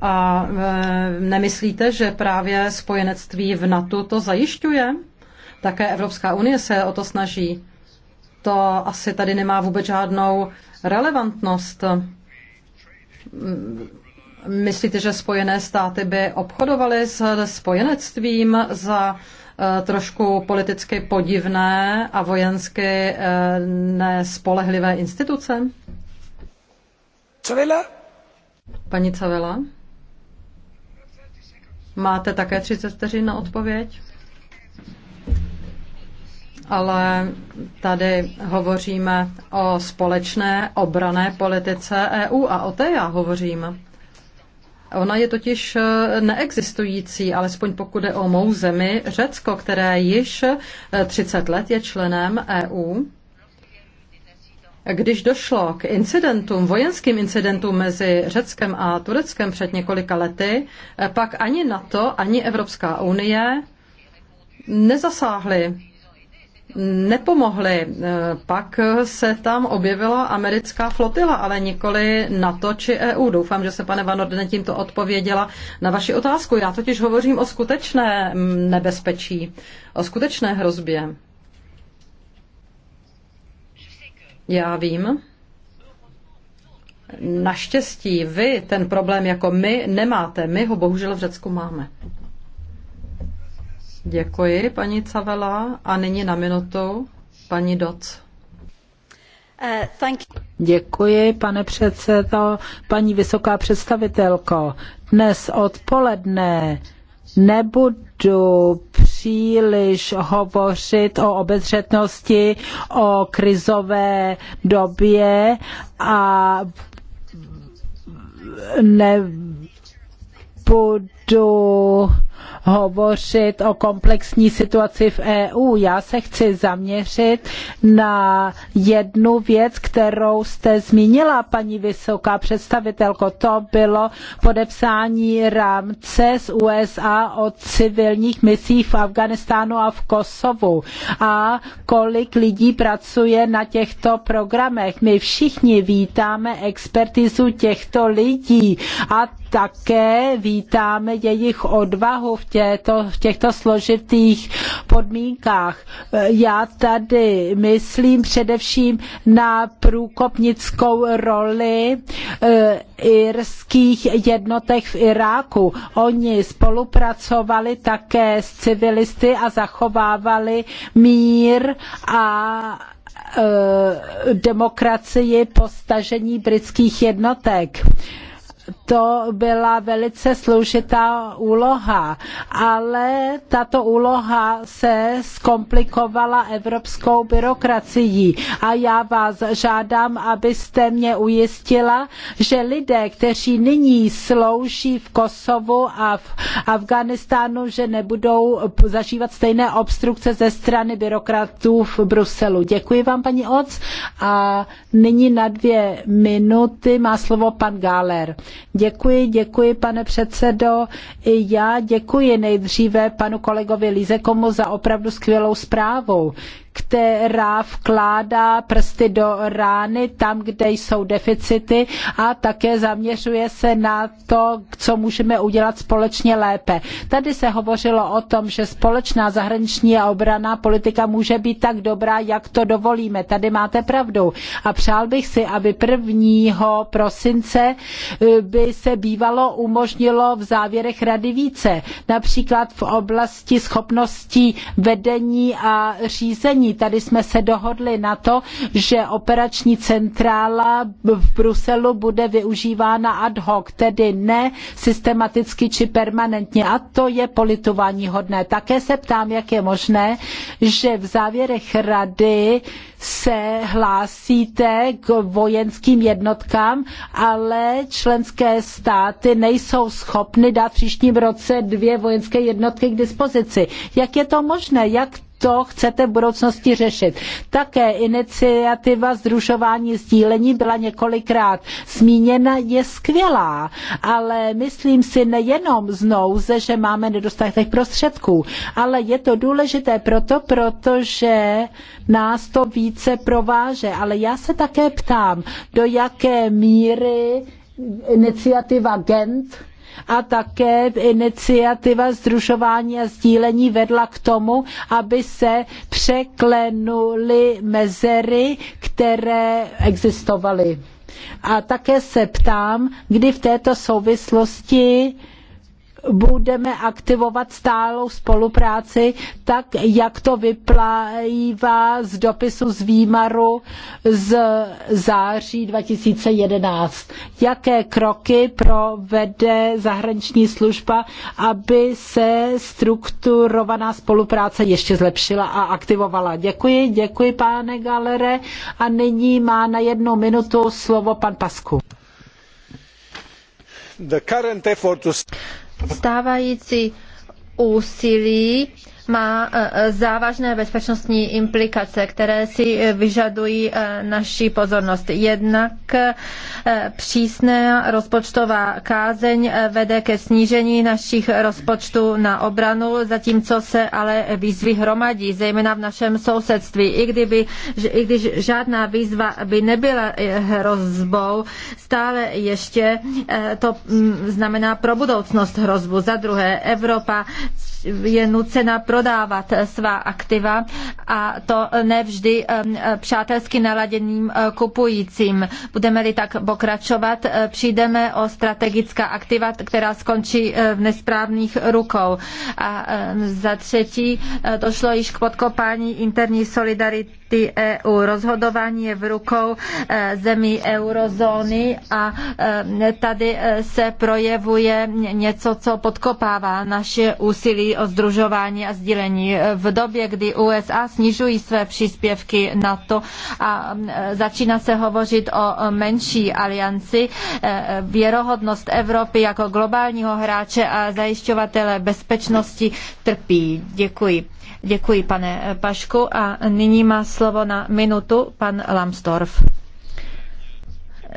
A eh, nemyslíte, že právě spojenectví v NATO to zajišťuje? Také Evropská unie se o to snaží. To asi tady nemá vůbec žádnou relevantnost. Myslíte, že Spojené státy by obchodovaly s spojenectvím za eh, trošku politicky podivné a vojensky eh, nespolehlivé instituce? Cavela? Paní Cavela? Máte také 30 vteřin na odpověď? ale tady hovoříme o společné obrané politice EU a o té já hovořím. Ona je totiž eh, neexistující, alespoň pokud je o mou zemi, Řecko, které již 30 eh, let je členem EU. Když došlo k incidentům, vojenským incidentům mezi Řeckem a Tureckem před několika lety, eh, pak ani NATO, ani Evropská unie nezasáhly nepomohly. Eh, pak se tam objevila americká flotila, ale nikoli NATO či EU. Doufám, že se, pane Van tímto odpověděla na vaši otázku. Já totiž hovořím o skutečné mm, nebezpečí, o skutečné hrozbě. Já vím. Naštěstí vy ten problém jako my nemáte. My ho bohužel v Řecku máme. Děkuji, paní Cavela. A nyní na minutu paní Doc. Uh, Děkuji, pane předsedo, paní vysoká představitelko. Dnes odpoledne nebudu příliš hovořit o obezřetnosti, o krizové době a nebudu budu hovořit o komplexní situaci v EU. Já se chci zaměřit na jednu věc, kterou jste zmínila, paní vysoká představitelko. To bylo podepsání rámce z USA o civilních misích v Afghánistánu a v Kosovu. A kolik lidí pracuje na těchto programech. My všichni vítáme expertizu těchto lidí a také vítáme jejich odvahu v, těto, v těchto složitých podmínkách. Já tady myslím především na průkopnickou roli eh, irských jednotek v Iráku. Oni spolupracovali také s civilisty a zachovávali mír a eh, demokracii po stažení britských jednotek. E, to byla velice složitá úloha, ale tato úloha se zkomplikovala evropskou byrokracií a já vás žádám, abyste mě ujistila, že lidé, kteří nyní slouží v Kosovu a v Afghánistánu, že nebudou zažívat stejné obstrukce ze strany byrokratů v Bruselu. Děkuji vám, paní Oc. A nyní na dvě minuty má slovo pan Gáler. Děkuji, děkuji, pane předsedo. I já děkuji nejdříve panu kolegovi Lizekomu za opravdu skvělou zprávu která vkládá prsty do rány tam, kde jsou deficity a také zaměřuje se na to, co můžeme udělat společně lépe. Tady se hovořilo o tom, že společná zahraniční a obranná politika může být tak dobrá, jak to dovolíme. Tady máte pravdu. A přál bych si, aby 1. prosince eh, by se bývalo umožnilo v závěrech rady více. Například v oblasti schopností vedení a řízení není. Tady jsme se dohodli na to, že operační centrála v Bruselu bude využívána ad hoc, tedy ne systematicky či permanentně. A to je politování hodné. Také se ptám, jak je možné, že v závěrech rady se hlásíte k vojenským jednotkám, ale členské státy nejsou schopny dát v příštím roce dvě vojenské jednotky k dispozici. Jak je to možné? Jak to chcete v budoucnosti řešit. Také iniciativa zrušování sdílení byla několikrát zmíněna, je skvělá, ale myslím si nejenom z nouze, že máme nedostatek prostředků, ale je to důležité proto, protože nás to více prováže. Ale já se také ptám, do jaké míry iniciativa Gent a také iniciativa združování a sdílení vedla k tomu, aby se překlenuly mezery, které existovaly. A také se ptám, kdy v této souvislosti budeme aktivovat stálou spolupráci, tak jak to vyplývá z dopisu z Výmaru z září 2011. Jaké kroky provede zahraniční služba, aby se strukturovaná spolupráce ještě zlepšila a aktivovala? Děkuji, děkuji pane Galere a nyní má na jednu minutu slovo pan Pasku. The current effort to stávající úsilí má eh, eh, závažné bezpečnostní implikace, které si eh, vyžadují naší pozornost. Jednak přísná rozpočtová kázeň vede ke snížení našich rozpočtů na obranu, zatímco se ale výzvy hromadí, zejména v našem sousedství. I, kdyby, i když žádná výzva by nebyla hrozbou, stále ještě to mm, znamená pro budoucnost hrozbu. Za druhé, Evropa je nucena prodávat svá aktiva a to nevždy eh, přátelsky naladěným eh, kupujícím. Budeme-li tak pokračovat, eh, přijdeme o strategická aktiva, která skončí v nesprávných rukou. A za třetí došlo již k podkopání interní solidarity projekty EU. Rozhodování je v rukou e, zemí eurozóny a e, tady e, se projevuje něco, co podkopává naše úsilí o združování a sdílení. V době, kdy USA snižují své příspěvky na to a začíná se hovořit o menší alianci, věrohodnost Evropy jako globálního hráče a zajišťovatele bezpečnosti trpí. Děkuji. Děkuji, pane Pašku. A nyní má slovo na minutu pan Lambsdorff.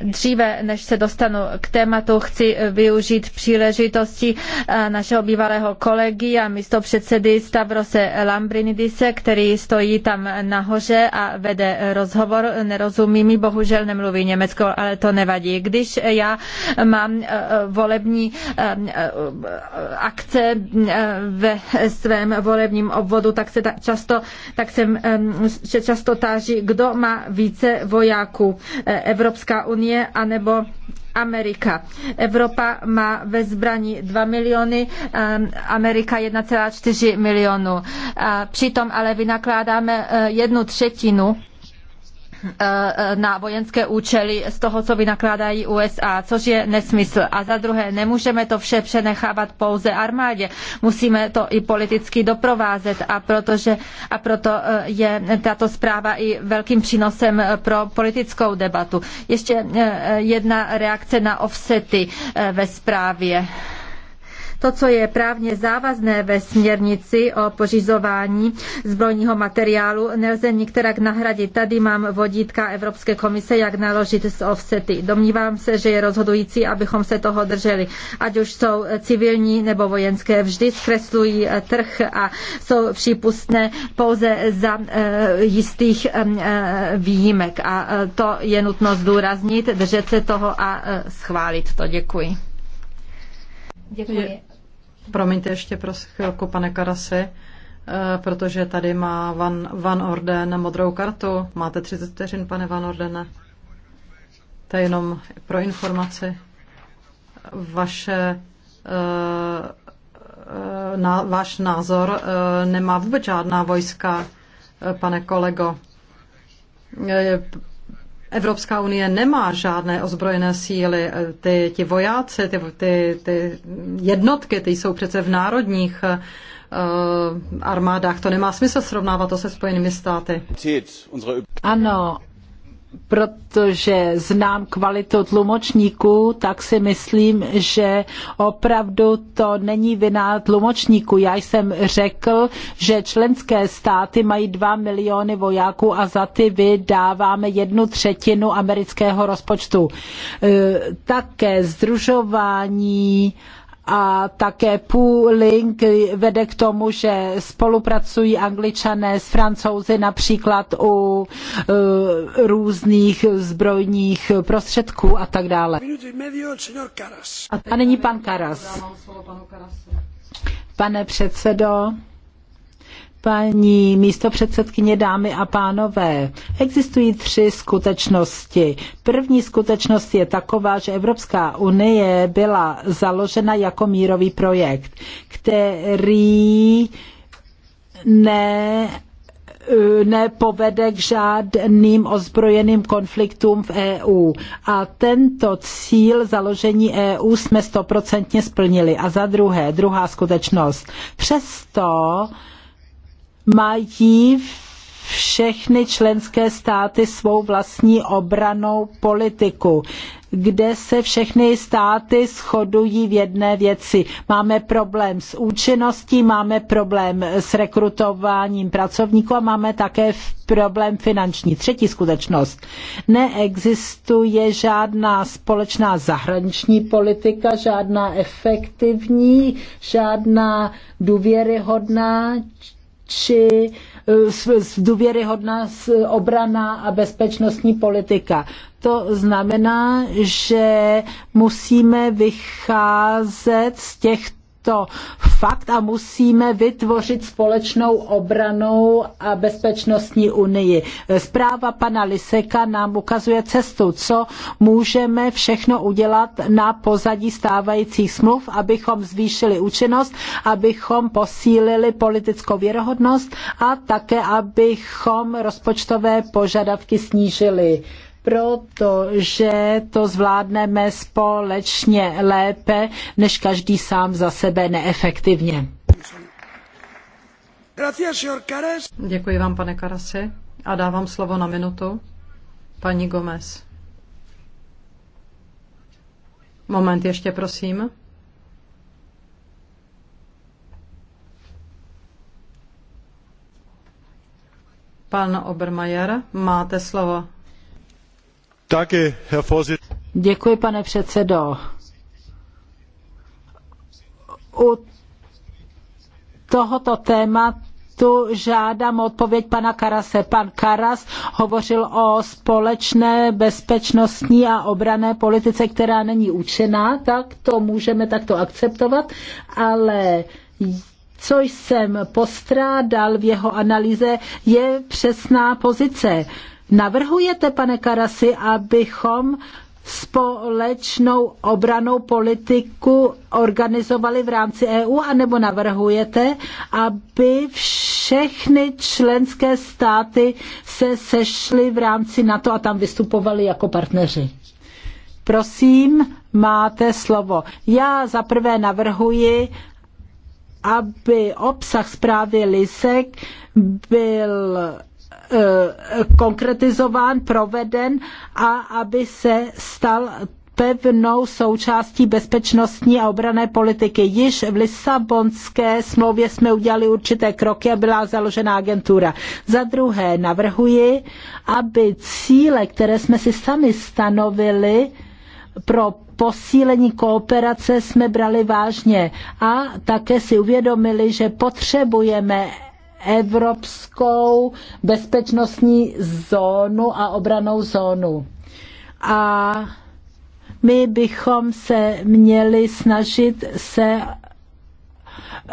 Dříve, než se dostanu k tématu, chci využít příležitosti eh, našeho bývalého kolegy a místo předsedy Stavrose Lambrinidise, který stojí tam nahoře a vede rozhovor. Nerozumí mi, bohužel nemluví německo, ale to nevadí. Když já mám eh, volební eh, akce ve svém volebním obvodu, tak se často, tak se často táží, kdo má více vojáků. Evropská unie unie anebo Amerika. Evropa má ve zbraní 2 miliony, ehm, Amerika 1,4 milionu. Přitom ale vynakládáme eh, jednu třetinu Eh, eh, na vojenské účely z toho, co vynakládají USA, což je nesmysl. A za druhé, nemůžeme to vše přenechávat pouze armádě, musíme to i politicky doprovázet a, protože, a proto eh, je tato zpráva i velkým přínosem pro politickou debatu. Ještě jedna reakce na offsety ve zprávě to, co je právně závazné ve směrnici o pořizování zbrojního materiálu, nelze nikterak nahradit. Tady mám vodítka Evropské komise, jak naložit s offsety. Domnívám se, že je rozhodující, abychom se toho drželi. Ať už jsou civilní nebo vojenské, vždy zkreslují trh a jsou přípustné pouze za eh, jistých eh, výjimek. A eh, to je nutno zdůraznit, držet se toho a schválit to. Děkuji. Děkuji. Promiňte ještě pro chvilku, pane Karasy, eh, protože tady má Van, Van Orden modrou kartu. Máte 30 vteřin, pane Van Ordene. To je jenom pro informaci. Vaše eh, eh, na, váš názor nemá vůbec žádná vojska, pane kolego. Evropská unie nemá žádné ozbrojené síly. E, ty, ti vojáci, ty, ty, ty jednotky, ty jsou přece v národních e, armádách. To nemá smysl srovnávat to se Spojenými státy. Ano, protože znám kvalitu tlumočníků, tak si myslím, že opravdu to není vina tlumočníků. Já jsem řekl, že členské státy mají 2 miliony vojáků a za ty vydáváme jednu třetinu amerického rozpočtu. E, také združování a také pooling vede k tomu, že spolupracují angličané s francouzi například u e, různých zbrojních prostředků a tak dále. A nyní pan Karas. Pane předsedo, Paní místopředsedkyně, dámy a pánové, existují tři skutečnosti. První skutečnost je taková, že Evropská unie byla založena jako mírový projekt, který ne nepovede k žádným ozbrojeným konfliktům v EU. A tento cíl založení EU jsme stoprocentně splnili. A za druhé, druhá skutečnost. Přesto mají všechny členské státy svou vlastní obranou politiku, kde se všechny státy shodují v jedné věci. Máme problém s účinností, máme problém s rekrutováním pracovníků a máme také problém finanční. Třetí skutečnost. Neexistuje žádná společná zahraniční politika, žádná efektivní, žádná důvěryhodná či eh, důvěryhodná obrana a bezpečnostní politika. To znamená, že musíme vycházet z těchto to fakt a musíme vytvořit společnou obranou a bezpečnostní unii. Zpráva pana Liseka nám ukazuje cestu, co můžeme všechno udělat na pozadí stávajících smluv, abychom zvýšili účinnost, abychom posílili politickou věrohodnost a také, abychom rozpočtové požadavky snížili protože to zvládneme společně lépe, než každý sám za sebe neefektivně. Děkuji vám, pane Karasi. A dávám slovo na minutu paní Gomez. Moment ještě, prosím. Pan Obermajer, máte slovo. Děkuji, pane předsedající U tohoto tématu tu žádám odpověď pana Karase. Pan Karas hovořil o společné bezpečnostní a obranné politice, která není účinná, tak to můžeme takto akceptovat, ale co jsem postrádal v jeho analýze, je přesná pozice. Navrhujete, pane Karasi, abychom společnou obranou politiku organizovali v rámci EU, anebo navrhujete, aby všechny členské státy se sešly v rámci NATO a tam vystupovali jako partneři? Prosím, máte slovo. Já zaprvé navrhuji, aby obsah zprávy Lisek byl Eh, konkretizován, proveden a aby se stal pevnou součástí bezpečnostní a obrané politiky. Již v Lisabonské smlouvě jsme udělali určité kroky a byla založena agentura. Za druhé navrhuji, aby cíle, které jsme si sami stanovili pro posílení kooperace jsme brali vážně a také si uvědomili, že potřebujeme evropskou bezpečnostní zónu a obranou zónu. A my bychom se měli snažit se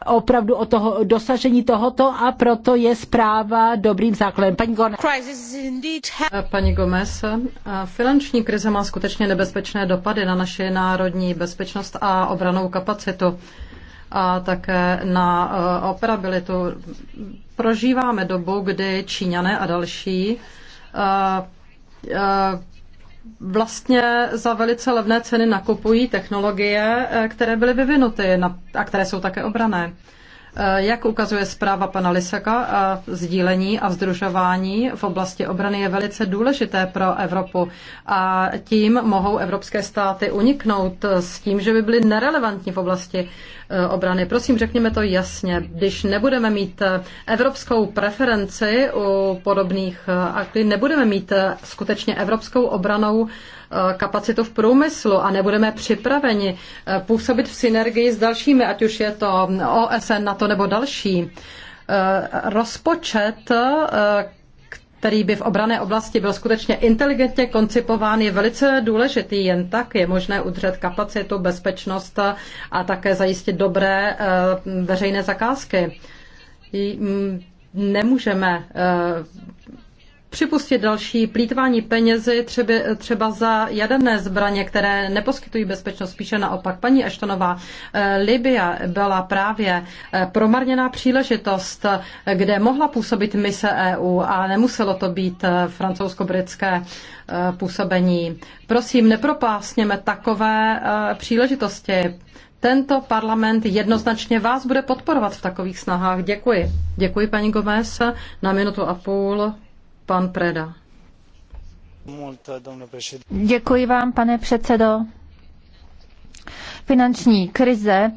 opravdu o toho, dosažení tohoto a proto je zpráva dobrým základem. Paní Gomez. Eh, paní Gomez, eh, finanční krize má skutečně nebezpečné dopady na naše národní bezpečnost a obranou kapacitu a také na eh, operabilitu. Prožíváme dobu, kdy Číňané a další eh, eh, vlastně za velice levné ceny nakupují technologie, které byly vyvinuty a které jsou také obrané. Eh, jak ukazuje zpráva pana Lisaka, eh, sdílení a vzdružování v oblasti obrany je velice důležité pro Evropu a tím mohou evropské státy uniknout eh, s tím, že by byly nerelevantní v oblasti obrany. Prosím, řekněme to jasně. Když nebudeme mít evropskou preferenci u podobných aktů, nebudeme mít skutečně evropskou obranou Eh, kapacitu v průmyslu a nebudeme připraveni eh, působit v synergii s dalšími, ať už je to OSN, NATO nebo další, eh, rozpočet, který by v obrané oblasti byl skutečně inteligentně koncipován, je velice důležitý. Jen tak je možné udržet kapacitu, bezpečnost a také zajistit dobré veřejné zakázky. Nemůžeme připustit další plítvání penězi třeba, třeba za jaderné zbraně, které neposkytují bezpečnost, spíše naopak. Paní Eštonová, eh, Libia byla právě eh, promarněná příležitost, eh, kde mohla působit mise EU a nemuselo to být francouzsko-britské působení. Prosím, nepropásněme takové příležitosti. Tento parlament jednoznačně vás bude podporovat v takových snahách. Děkuji. Děkuji, paní Gomez. Na minutu a půl Pan Preda. Děkuji vám, pane předsedo. Finanční krize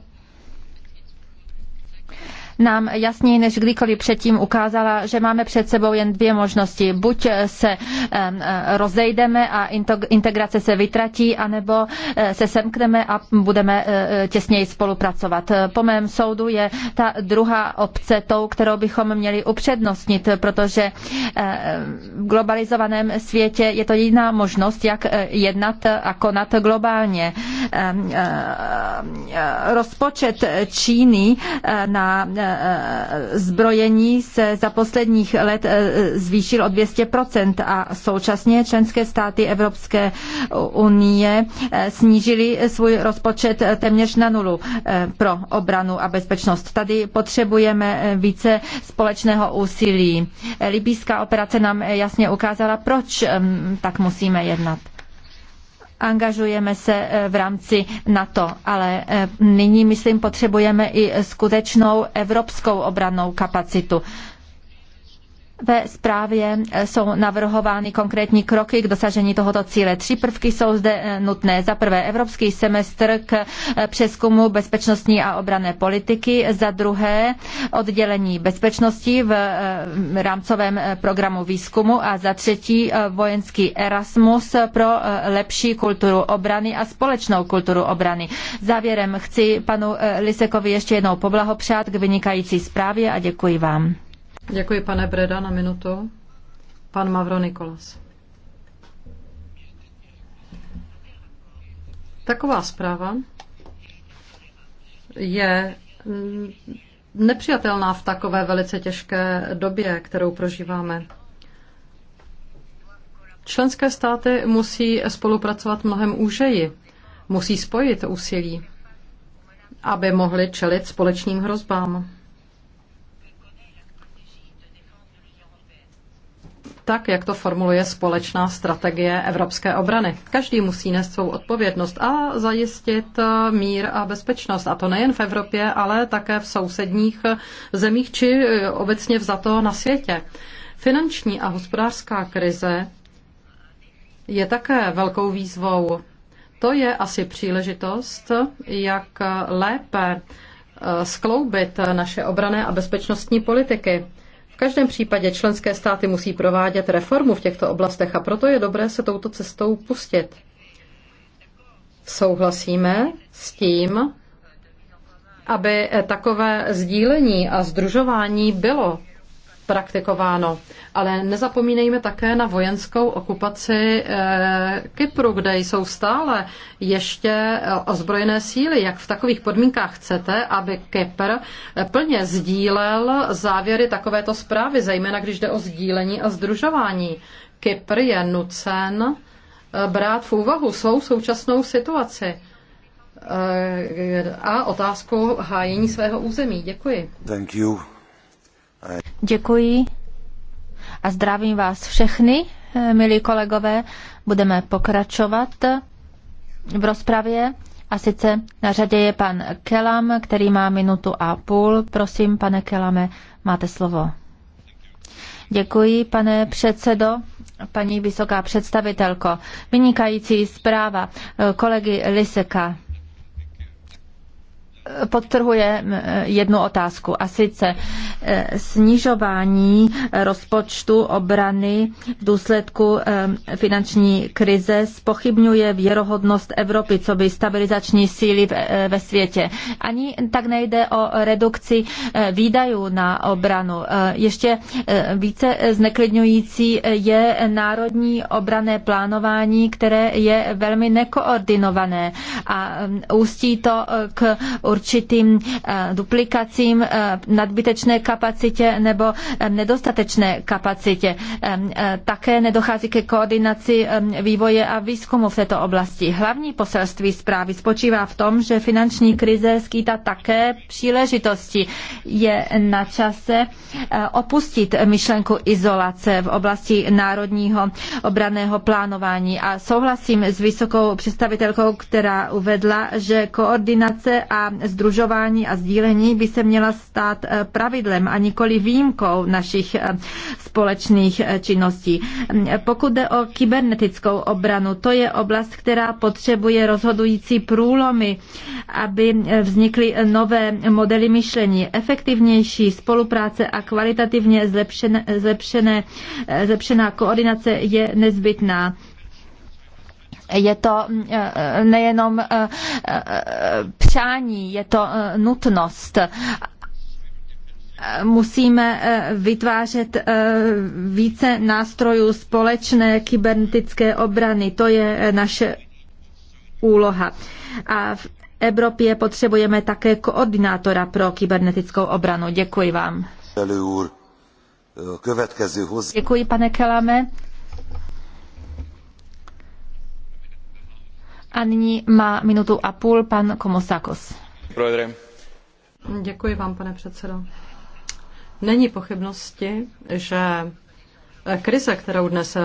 nám jasněji než kdykoliv předtím ukázala, že máme před sebou jen dvě možnosti. Buď se eh, rozejdeme a integrace se vytratí, anebo eh, se semkneme a budeme eh, těsněji spolupracovat. Po mém soudu je ta druhá obce tou, kterou bychom měli upřednostnit, protože v globalizovaném světě je to jediná možnost, jak jednat a konat globálně. Rozpočet Číny na Eh, zbrojení se za posledních let eh, zvýšil o 200% a současně členské státy Evropské unie eh, snížily svůj rozpočet téměř na nulu pro obranu a bezpečnost. Tady potřebujeme více společného úsilí. Libýská operace nám jasně ukázala, proč ehm, tak musíme jednat angažujeme se eh, v rámci NATO, ale eh, nyní, myslím, potřebujeme i skutečnou evropskou obrannou kapacitu. Ve zprávě eh, jsou navrhovány konkrétní kroky k dosažení tohoto cíle. Tři prvky jsou zde eh, nutné. Za prvé evropský semestr k eh, přeskumu bezpečnostní a obrané politiky, za druhé oddělení bezpečnosti v rámcovém programu výzkumu a za třetí vojenský Erasmus pro lepší kulturu obrany a společnou kulturu obrany. Závěrem chci panu Lisekovi ještě jednou poblahopřát k vynikající zprávě a děkuji vám. Děkuji, pane Breda, na minutu. Pan Mavro Nikolas. Taková zpráva je nepřijatelná v takové velice těžké době, kterou prožíváme. Členské státy musí spolupracovat mnohem úžeji, musí spojit úsilí, aby mohly čelit společným hrozbám. tak, jak to formuluje společná strategie evropské obrany. Každý musí nést svou odpovědnost a zajistit eh, mír a bezpečnost. A to nejen v Evropě, ale také v sousedních eh, zemích či eh, obecně vzato na světě. Finanční a hospodářská krize je také velkou výzvou. To je asi příležitost, jak lépe skloubit naše obrané a bezpečnostní politiky. V každém případě členské státy musí provádět reformu v těchto oblastech a proto je dobré se touto cestou pustit. Souhlasíme s tím, aby takové sdílení a združování bylo praktikováno. Ale nezapomínejme také na vojenskou okupaci eh, Kypru, kde jsou stále ještě eh, ozbrojené síly. Jak v takových podmínkách chcete, aby Kypr eh, plně sdílel závěry takovéto zprávy, zejména když jde o sdílení a združování? Kypr je nucen brát v úvahu svou současnou situaci a otázku hájení svého území. Děkuji. Thank you. Děkuji a zdravím vás všechny, eh, milí kolegové. Budeme pokračovat v rozpravě. A sice na řadě je pan Kelam, který má minutu a půl. Prosím, pane Kelame, máte slovo. Děkuji, pane předsedo. Paní vysoká představitelko, vynikající zpráva eh, kolegy Liseka podtrhuje jednu otázku a sice e, snižování rozpočtu obrany v důsledku e, finanční krize spochybňuje věrohodnost Evropy, co by stabilizační síly e, ve světě. Ani tak nejde o redukci výdajů na obranu. Ještě více zneklidňující je národní obrané plánování, které je velmi nekoordinované a ústí to k určitým eh, duplikacím, eh, nadbytečné kapacitě nebo eh, nedostatečné kapacitě. Také nedochází ke koordinaci vývoje a výzkumu v této oblasti. Hlavní poselství zprávy spočívá v tom, že finanční krize skýtá také příležitosti. Je na čase opustit myšlenku izolace v oblasti národního obraného plánování a souhlasím s vysokou představitelkou, která uvedla, že koordinace a združování a sdílení by se měla stát eh, pravidlem a nikoli výjimkou našich eh, společných eh, činností. Mm, pokud jde o kybernetickou obranu, to je oblast, která potřebuje rozhodující průlomy, aby vznikly nové modely myšlení, efektivnější spolupráce a kvalitativně zlepšené, zlepšené, zlepšená koordinace je nezbytná. Je to nejenom přání, je to nutnost musíme vytvářet více nástrojů společné kybernetické obrany. To je naše úloha. A v Evropě potřebujeme také koordinátora pro kybernetickou obranu. Děkuji vám. Děkuji, pane Kelame. A nyní má minutu a půl pan Komosakos. Děkuji vám, pane předsedo. Není pochybnosti, že Krize, kterou dnes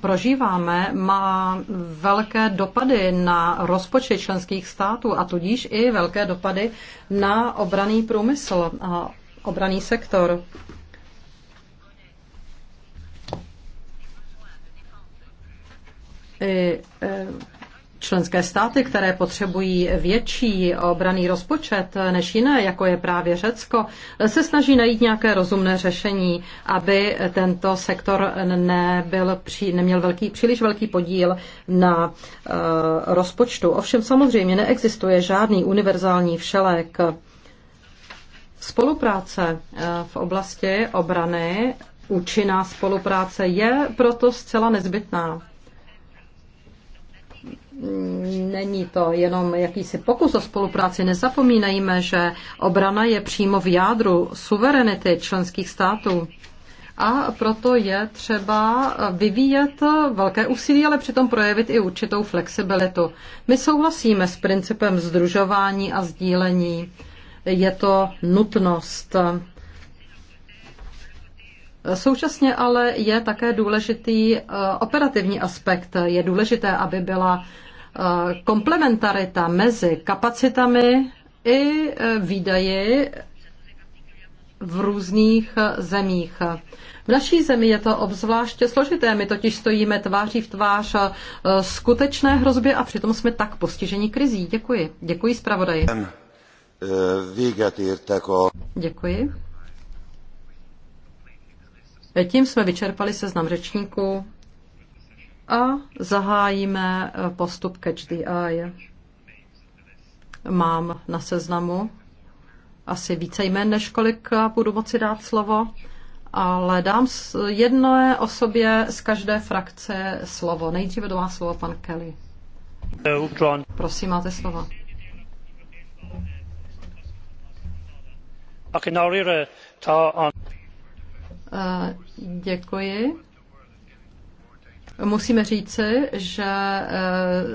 prožíváme, má velké dopady na rozpočet členských států a tudíž i velké dopady na obraný průmysl a obraný sektor. I, eh, Členské státy, které potřebují větší obraný rozpočet než jiné, jako je právě Řecko, se snaží najít nějaké rozumné řešení, aby tento sektor nebyl, neměl velký, příliš velký podíl na eh, rozpočtu. Ovšem samozřejmě neexistuje žádný univerzální všelek. Spolupráce eh, v oblasti obrany, účinná spolupráce je proto zcela nezbytná není to jenom jakýsi pokus o spolupráci. Nezapomínejme, že obrana je přímo v jádru suverenity členských států. A proto je třeba vyvíjet velké úsilí, ale přitom projevit i určitou flexibilitu. My souhlasíme s principem združování a sdílení. Je to nutnost. Současně ale je také důležitý eh, operativní aspekt. Je důležité, aby byla Eh, komplementarita mezi kapacitami i eh, výdaji v různých eh, zemích. V naší zemi je to obzvláště složité. My totiž stojíme tváří v tvář skutečné hrozbě a přitom jsme tak postiženi krizí. Děkuji. Děkuji zpravodaji. Děkuji. Tím jsme vyčerpali seznam řečníků a zahájíme eh, postup Catch the Eye. Mám na seznamu asi více jmen, než kolik eh, budu moci dát slovo, ale dám jedné osobě z každé frakce slovo. Nejdříve vás slovo pan Kelly. Prosím, máte slovo. Eh, děkuji musíme říci, že eh,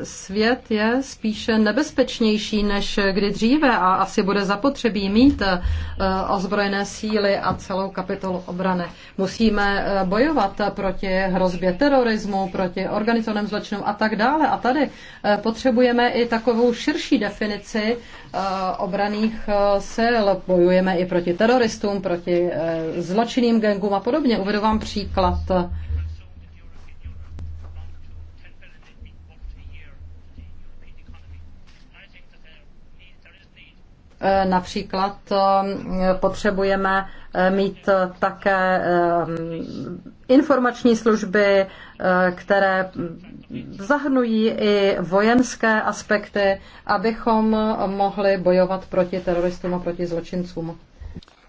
svět je spíše nebezpečnější než kdy dříve a asi bude zapotřebí mít eh, ozbrojené síly a celou kapitolu obrany. Musíme eh, bojovat proti hrozbě terorismu, proti organizovaným zločinům a tak dále. A tady potřebujeme i takovou širší definici obraných sil. Bojujeme i proti teroristům, proti zločinným gangům a podobně. Uvedu vám příklad. Eh, například eh, potřebujeme eh, mít také informační služby, které zahrnují i vojenské aspekty, abychom mohli bojovat proti teroristům a proti zločincům.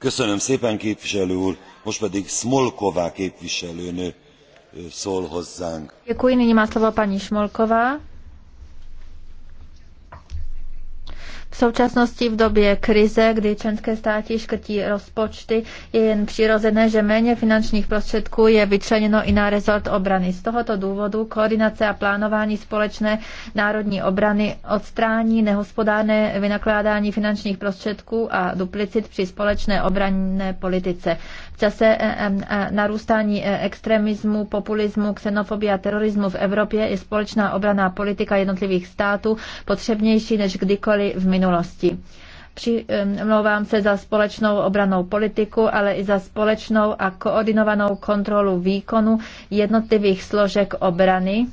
Köszönöm szépen, képviselő úr. Most pedig Smolková képviselőnő szól hozzánk. Děkuji, nyní má slovo paní Smolková. V současnosti v době krize, kdy členské státy škrtí rozpočty, je jen přirozené, že méně finančních prostředků je vyčleněno i na rezort obrany. Z tohoto důvodu koordinace a plánování společné národní obrany odstrání nehospodárné vynakládání finančních prostředků a duplicit při společné obranné politice. V čase eh, eh, narůstání eh, extremismu, populismu, xenofobie a terorismu v Evropě je společná obraná politika jednotlivých států potřebnější než kdykoliv v minulosti minulosti. Přimlouvám se za společnou obranou politiku, ale i za společnou a koordinovanou kontrolu výkonu jednotlivých složek obrany,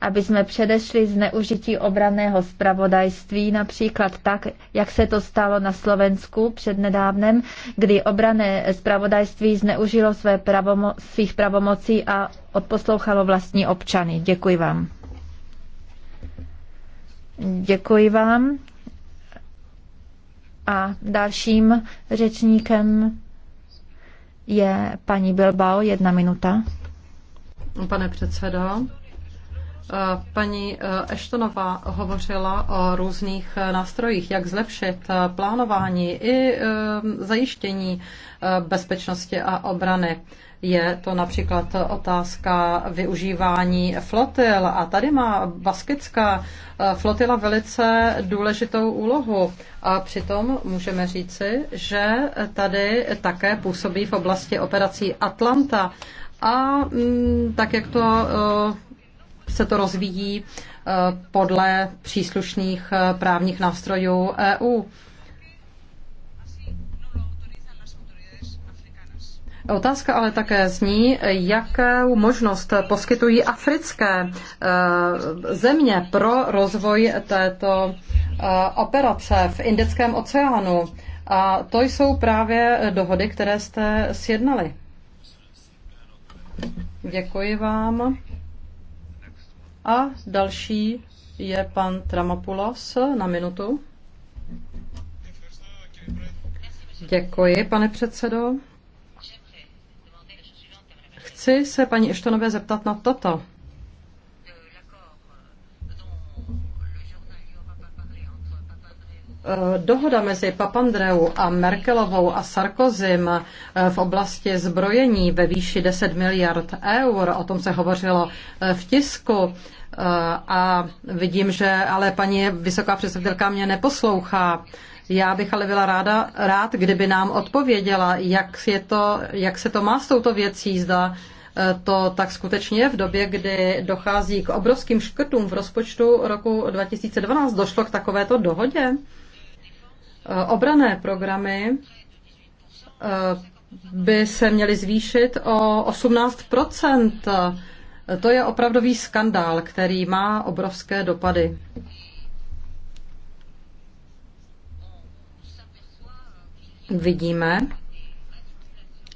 aby jsme předešli zneužití obraného spravodajství, například tak, jak se to stalo na Slovensku nedávnem, kdy obrané spravodajství zneužilo své pravomo- svých pravomocí a odposlouchalo vlastní občany. Děkuji vám. Děkuji vám. A dalším řečníkem je paní Bilbao, jedna minuta. Pane předsedo, eh, Paní eh, Eštonová hovořila o různých eh, nástrojích, jak zlepšit plánování i zajištění bezpečnosti a obrany. Je to například otázka využívání flotil a tady má baskická eh, flotila velice důležitou úlohu. A přitom můžeme říci, že tady také působí v oblasti operací Atlanta a mm, tak, jak to eh, se to rozvíjí eh, podle příslušných právních nástrojů EU. Otázka ale také zní, jakou možnost poskytují africké eh, země pro rozvoj této eh, operace v Indickém oceánu. A to jsou právě dohody, které jste sjednali. Děkuji vám. A další je pan Tramopoulos na minutu. Děkuji, pane předsedo. Chci se paní Eštonové zeptat na toto. Eh, dohoda mezi Papandreou a Merkelovou a Sarkozym eh, v oblasti zbrojení ve výši 10 miliard eur, o tom se hovořilo eh, v tisku a vidím, že ale paní vysoká představitelka mě neposlouchá. Já bych ale byla ráda, rád, kdyby nám odpověděla, jak, je to, jak se to má s touto věcí, zda e, to tak skutečně v době, kdy dochází k obrovským škrtům v rozpočtu roku 2012, došlo k takovéto dohodě. E, obrané programy e, by se měly zvýšit o 18 To je opravdový skandál, který má obrovské dopady. vidíme,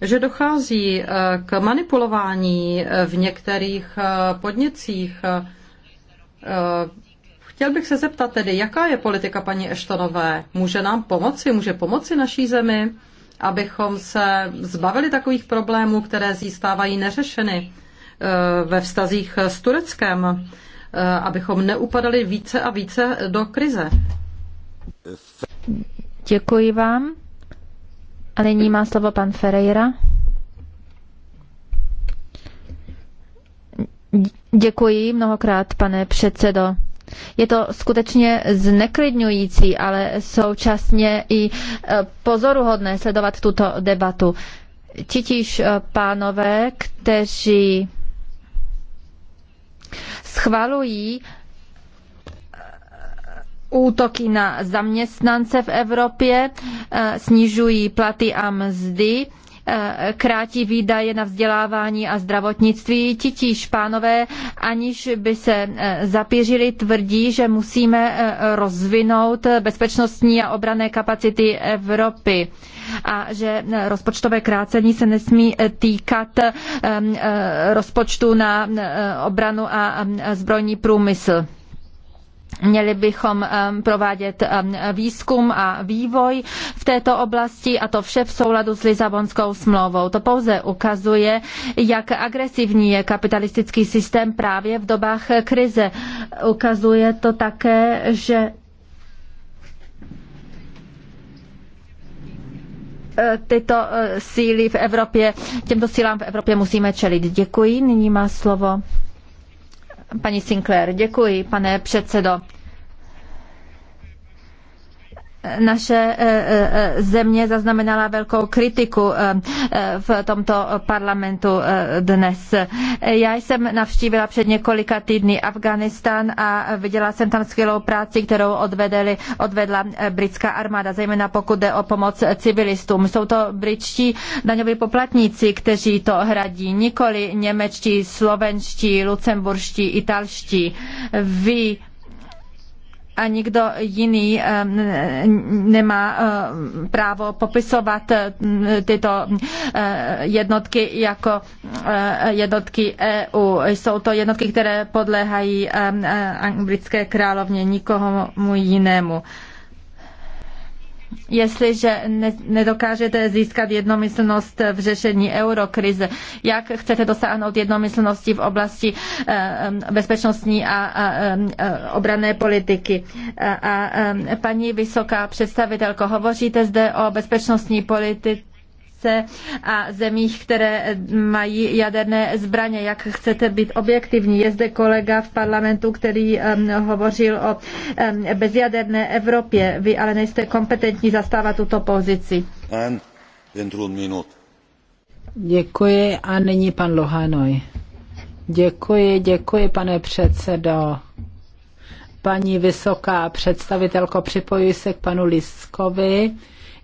že dochází eh, k manipulování eh, v některých eh, podnicích. Chtěl bych se zeptat tedy, jaká je politika paní Eštonové? Může nám pomoci? Může pomoci naší zemi, abychom se zbavili takových problémů, které zůstávají neřešeny ve vztazích s Tureckem, abychom neupadali více a více do krize? Děkuji vám. A nyní má slovo pan Ferreira. Děkuji mnohokrát, pane předsedo. Je to skutečně zneklidňující, ale současně i e, pozoruhodné sledovat tuto debatu. Titíž e, pánové, kteří schvalují útoky na zaměstnance v Evropě, eh, snižují platy a mzdy, eh, krátí výdaje na vzdělávání a zdravotnictví. Titíž pánové, aniž by se eh, zapířili, tvrdí, že musíme rozvinout bezpečnostní a obrané kapacity Evropy a že rozpočtové krácení se nesmí týkat rozpočtu na obranu a zbrojní průmysl. Měli bychom eh, provádět eh, výzkum a vývoj v této oblasti a to vše v souladu s Lisabonskou smlouvou. To pouze ukazuje, jak agresivní je kapitalistický systém právě v dobách krize. Ukazuje to také, že eh, tyto síly v Evropě, těmto sílám v Evropě musíme čelit. Děkuji. Nyní má slovo Paní Sinclair, děkuji, pane předsedo. Naše eh, eh, eh, země zaznamenala velkou kritiku v tomto parlamentu dnes. Já jsem navštívila před několika týdny Afganistán a viděla jsem tam skvělou práci, kterou odvedeli, odvedla britská armáda, zejména pokud jde o pomoc civilistům. Jsou to britští daňoví poplatníci, kteří to hradí, nikoli němečtí, slovenští, lucemburští, italští. Vy a nikdo jiný eh, nemá eh, právo popisovat eh, tyto jednotky jako jednotky EU. Jsou to jednotky, které podléhají anglické královně, nikomu jinému jestliže ne, nedokážete získat jednomyslnost v řešení eurokrize, jak chcete dosáhnout jednomyslnosti v oblasti eh, bezpečnostní a, a, a e, obrané politiky. A, a paní vysoká představitelko, hovoříte zde o bezpečnostní politice Americe a zemích, které mají jaderné zbraně. Jak chcete být objektivní? Je zde kolega v parlamentu, který hovořil o bezjaderné Evropě. Vy ale nejste kompetentní zastávat tuto pozici. Děkuji a nyní pan Lohanoj. Děkuji, děkuji, pane předsedo. Paní vysoká představitelko, připojuji se k panu Liskovi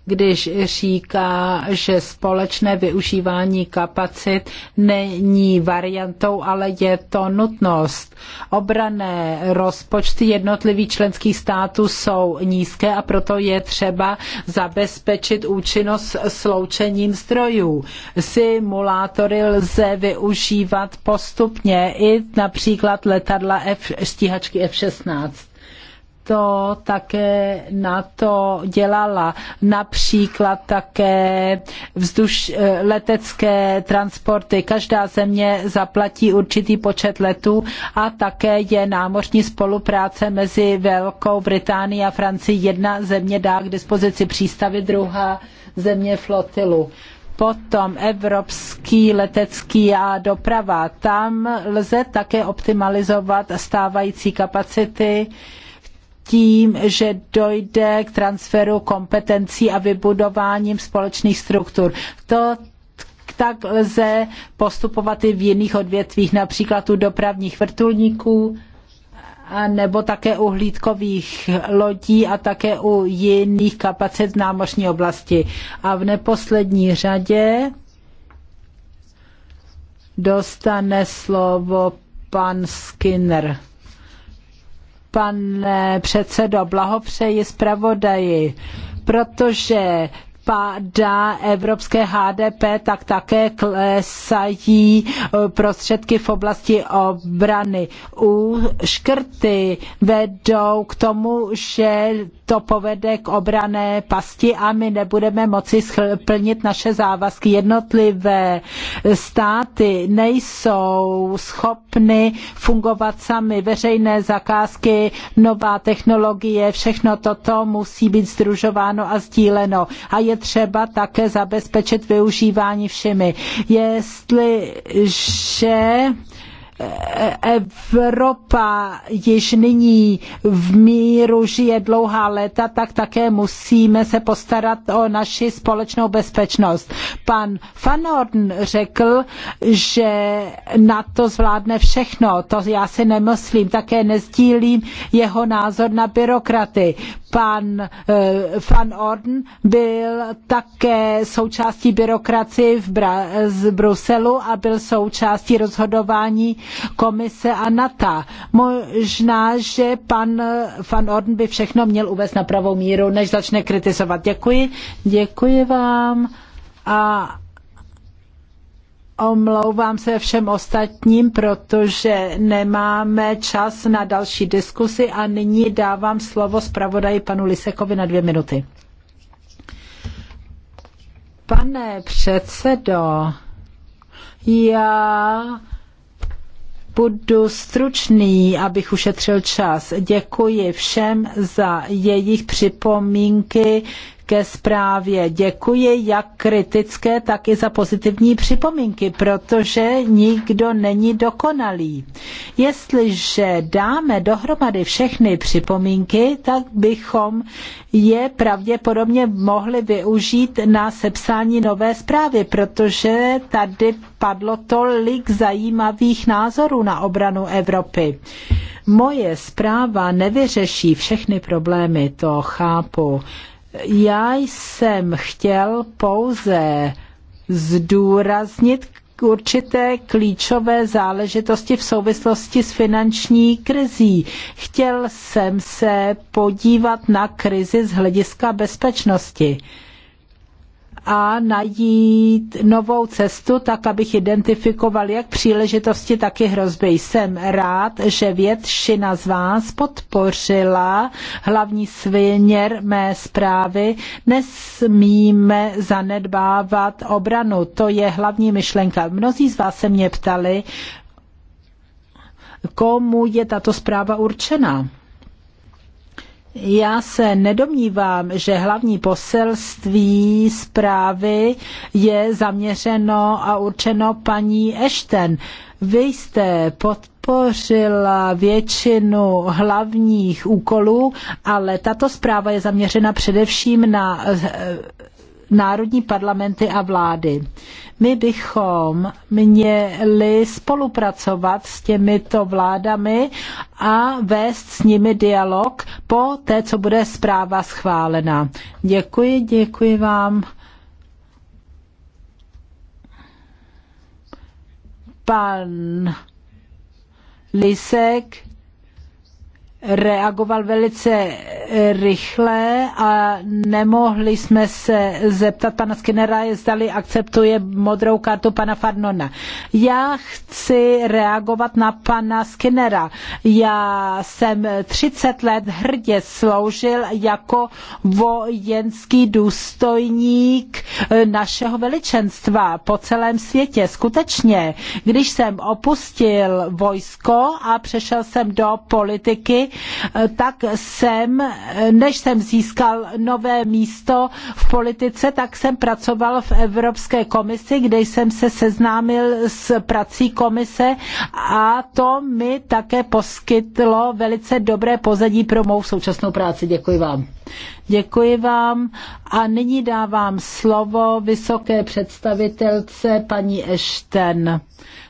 když říká, že společné využívání kapacit není variantou, ale je to nutnost. Obrané rozpočty jednotlivých členských států jsou nízké a proto je třeba zabezpečit účinnost sloučením zdrojů. Simulátory lze využívat postupně i například letadla F, stíhačky F-16 to také na to dělala. Například také vzduš, eh, letecké transporty. Každá země zaplatí určitý počet letů a také je námořní spolupráce mezi Velkou Británií a Francií. Jedna země dá k dispozici přístavy, druhá země flotilu potom evropský letecký a doprava. Tam lze také optimalizovat stávající kapacity tím, že dojde k transferu kompetencí a vybudováním společných struktur. To tak lze postupovat i v jiných odvětvích, například u dopravních vrtulníků, a nebo také u hlídkových lodí a také u jiných kapacit v námořní oblasti. A v neposlední řadě dostane slovo pan Skinner pane předsedo, blahopřeji zpravodaji, protože padá evropské HDP, tak také klesají eh, prostředky v oblasti obrany. U škrty vedou k tomu, že to povede k obrané pasti a my nebudeme moci plnit naše závazky. Jednotlivé státy nejsou schopny fungovat sami. Veřejné zakázky, nová technologie, všechno toto musí být združováno a sdíleno. A je třeba také zabezpečit využívání všemi. Jestliže Evropa již nyní v míru žije dlouhá léta, tak také musíme se postarat o naši společnou bezpečnost. Pan Van Orden řekl, že na to zvládne všechno. To já si nemyslím, také nezdílím jeho názor na byrokraty. Pan eh, Van Orden byl také součástí byrokracie v Bruselu a byl součástí rozhodování komise a NATO. Možná, že pan Van Orden by všechno měl uvést na pravou míru, než začne kritizovat. Děkuji, děkuji vám a omlouvám se všem ostatním, protože nemáme čas na další diskusy a nyní dávám slovo zpravodaji panu Lisekovi na dvě minuty. Pane předsedo, já Budu stručný, abych ušetřil čas. Děkuji všem za jejich připomínky ke zprávě. Děkuji jak kritické, tak i za pozitivní připomínky, protože nikdo není dokonalý. Jestliže dáme dohromady všechny připomínky, tak bychom je pravděpodobně mohli využít na sepsání nové zprávy, protože tady padlo tolik zajímavých názorů na obranu Evropy. Moje zpráva nevyřeší všechny problémy, to chápu, já jsem chtěl pouze zdůraznit určité klíčové záležitosti v souvislosti s finanční krizí. Chtěl jsem se podívat na krizi z hlediska bezpečnosti a najít novou cestu, tak abych identifikoval jak příležitosti, tak i hrozby. Jsem rád, že většina z vás podpořila hlavní směr mé zprávy. Nesmíme zanedbávat obranu. To je hlavní myšlenka. Mnozí z vás se mě ptali, komu je tato zpráva určena. Já se nedomnívám, že hlavní poselství zprávy je zaměřeno a určeno paní Ashton. Vy jste podpořila většinu hlavních úkolů, ale tato zpráva je zaměřena především na eh, národní parlamenty a vlády. My bychom měli spolupracovat s těmito vládami a vést s nimi dialog po té, co bude zpráva schválena. Děkuji, děkuji vám. Pan Lisek reagoval velice eh, rychle a nemohli jsme se zeptat pana Skinnera, zdali akceptuje modrou kartu pana Farnona. Já chci reagovat na pana Skinnera. Já jsem 30 let hrdě sloužil jako vojenský důstojník eh, našeho veličenstva po celém světě. Skutečně, když jsem opustil vojsko a přešel jsem do politiky, tak jsem, než jsem získal nové místo v politice, tak jsem pracoval v Evropské komisi, kde jsem se seznámil s prací komise a to mi také poskytlo velice dobré pozadí pro mou současnou práci. Děkuji vám. Děkuji vám a nyní dávám slovo vysoké představitelce paní Ešten.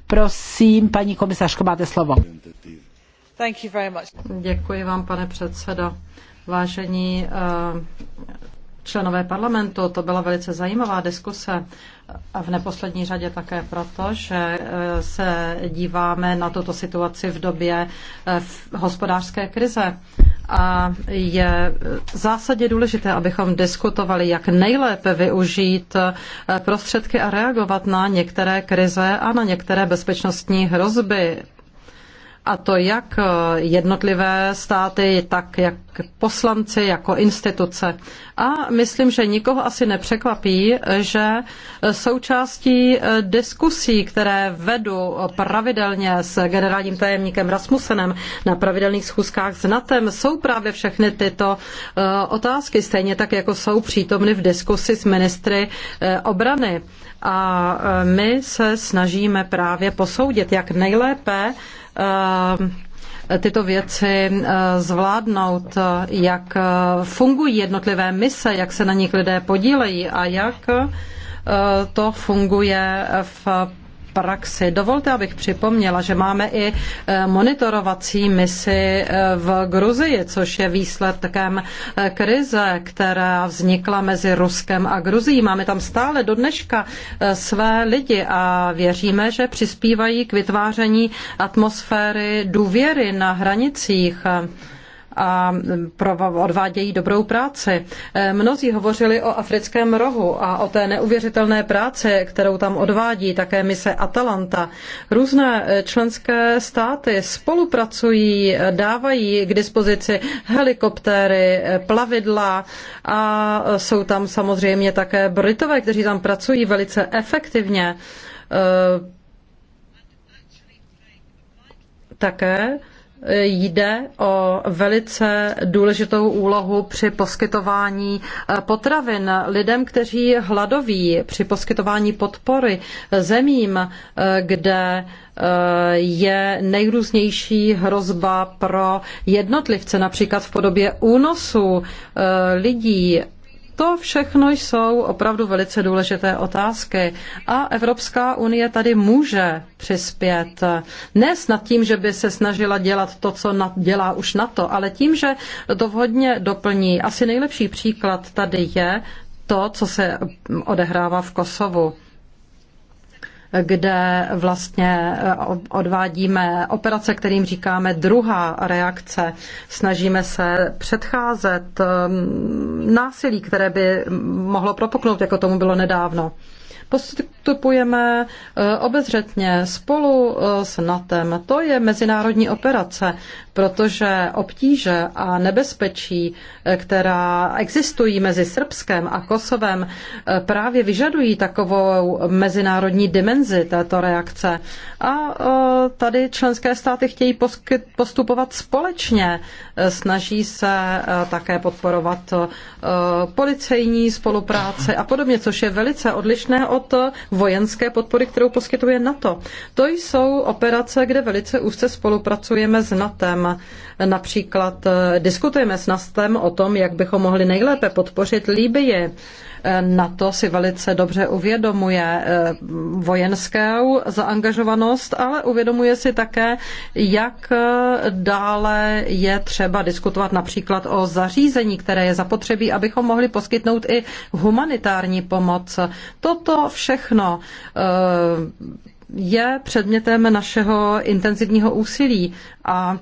Prosím, paní komisařko, máte slovo. Děkuji vám, pane předsedo. Vážení eh, členové parlamentu, to byla velice zajímavá diskuse a v neposlední řadě také proto, že eh, se díváme na tuto situaci v době eh, hospodářské krize. A je v zásadě důležité, abychom diskutovali, jak nejlépe využít prostředky a reagovat na některé krize a na některé bezpečnostní hrozby a to jak eh, jednotlivé státy, tak jak poslanci, jako instituce. A myslím, že nikoho asi nepřekvapí, že součástí eh, diskusí, které vedu pravidelně s generálním tajemníkem Rasmusenem na pravidelných schůzkách s NATEM, jsou právě všechny tyto eh, otázky, stejně tak, jako jsou přítomny v diskusi s ministry obrany. A my se snažíme právě posoudit, jak nejlépe Eh, tyto věci eh, zvládnout, eh, jak fungují jednotlivé mise, jak se na nich lidé podílejí a jak to funguje v praxi. Dovolte, abych připomněla, že máme i eh, monitorovací misi eh, v Gruzii, což je výsledkem eh, krize, která vznikla mezi Ruskem a Gruzií. Máme tam stále do dneška své lidi a věříme, že přispívají k vytváření atmosféry důvěry na hranicích a odvádějí dobrou práci. Eh, mnozí hovořili o africkém rohu a o té neuvěřitelné práci, kterou tam odvádí také mise Atalanta. Různé eh, členské státy spolupracují, eh, dávají k dispozici helikoptéry, plavidla a jsou tam samozřejmě také Britové, kteří tam pracují velice efektivně. Také jde o velice důležitou úlohu při poskytování eh, potravin lidem, kteří hladoví, při poskytování podpory zemím, eh, kde eh, je nejrůznější hrozba pro jednotlivce, například v podobě únosu lidí to všechno jsou opravdu velice důležité otázky a Evropská unie tady může přispět. Ne snad tím, že by se snažila dělat to, co dělá už na to, ale tím, že to vhodně doplní. Asi nejlepší příklad tady je to, co se odehrává v Kosovu kde vlastně eh, odvádíme operace, kterým říkáme druhá reakce. Snažíme se předcházet ehm, násilí, které by mohlo propuknout, jako tomu bylo nedávno. Postupujeme eh, obezřetně spolu eh, s NATO. E to je mezinárodní operace protože obtíže a nebezpečí, eh, která existují mezi Srbskem a Kosovem, eh, právě vyžadují takovou mezinárodní dimenzi této reakce. A eh, tady členské státy chtějí postupovat společně, snaží se také podporovat policejní spolupráci a podobně, což je velice odlišné od vojenské podpory, kterou poskytuje NATO. To jsou operace, kde velice úzce spolupracujeme s NATO kterém Například eh, diskutujeme s NASTEM o tom, jak bychom mohli nejlépe podpořit Líbii. Eh, Na to si velice dobře uvědomuje eh, vojenskou zaangažovanost, ale uvědomuje si také, jak dále je třeba diskutovat například o zařízení, které je zapotřebí, abychom mohli poskytnout i humanitární pomoc. Toto všechno je předmětem našeho intenzivního úsilí a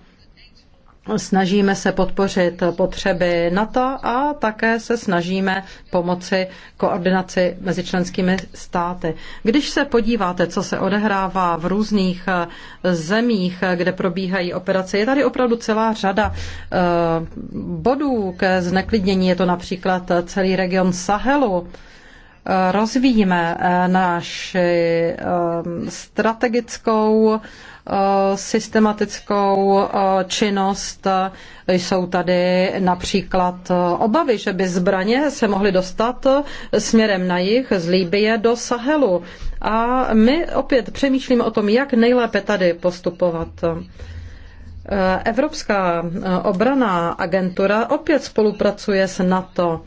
Snažíme se podpořit potřeby NATO a také se snažíme pomoci koordinaci mezi členskými státy. Když se podíváte, co se odehrává v různých eh, zemích, kde probíhají operace, je tady opravdu celá řada eh, bodů ke zneklidnění. Je to například celý region Sahelu, eh, rozvíjíme naši strategickou Eh, systematickou eh, činnost. Eh, jsou tady například obavy, že by zbraně se mohly dostat směrem na jih z Líbie do Sahelu. A my opět přemýšlíme o tom, jak nejlépe tady postupovat. Evropská obraná agentura opět spolupracuje s NATO.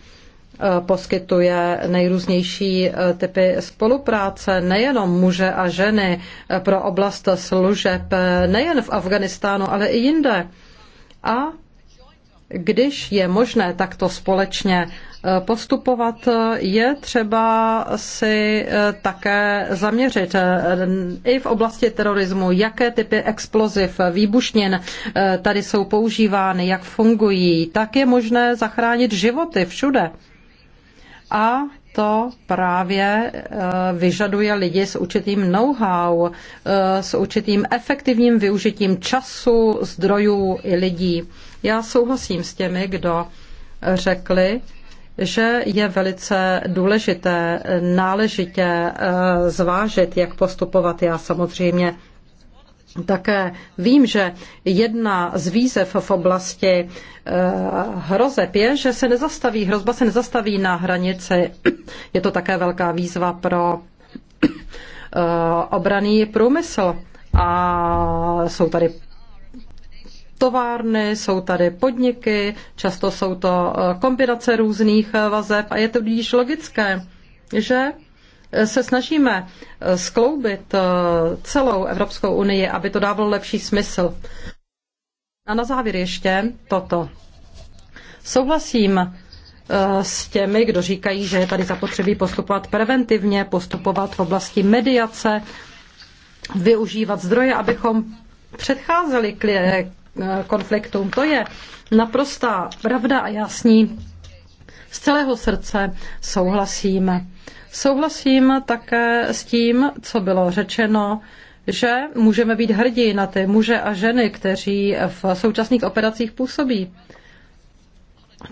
Eh, poskytuje nejrůznější eh, typy spolupráce, nejenom muže a ženy eh, pro oblast služeb, nejen v Afganistánu, ale i jinde. A když je možné takto společně postupovat, je třeba si také zaměřit i v oblasti terorismu, jaké typy exploziv, výbušnin tady jsou používány, jak fungují, tak je možné zachránit životy všude a to právě eh, vyžaduje lidi s určitým know-how, eh, s určitým efektivním využitím času, zdrojů i lidí. Já souhlasím s těmi, kdo řekli, že je velice důležité náležitě eh, zvážit, jak postupovat. Já samozřejmě také vím, že jedna z výzev v oblasti eh, hrozeb je, že se nezastaví, hrozba se nezastaví na hranici. Je to také velká výzva pro eh, obraný průmysl. A jsou tady továrny, jsou tady podniky, často jsou to eh, kombinace různých vazeb a je to tudíž logické, že se snažíme eh, skloubit eh, celou Evropskou unii, aby to dávalo lepší smysl. A na závěr ještě toto. Souhlasím eh, s těmi, kdo říkají, že je tady zapotřebí postupovat preventivně, postupovat v oblasti mediace, využívat zdroje, abychom předcházeli konfliktům. To je naprostá pravda a jasný. s z celého srdce souhlasíme. Souhlasím také s tím, co bylo řečeno, že můžeme být hrdí na ty muže a ženy, kteří v současných operacích působí.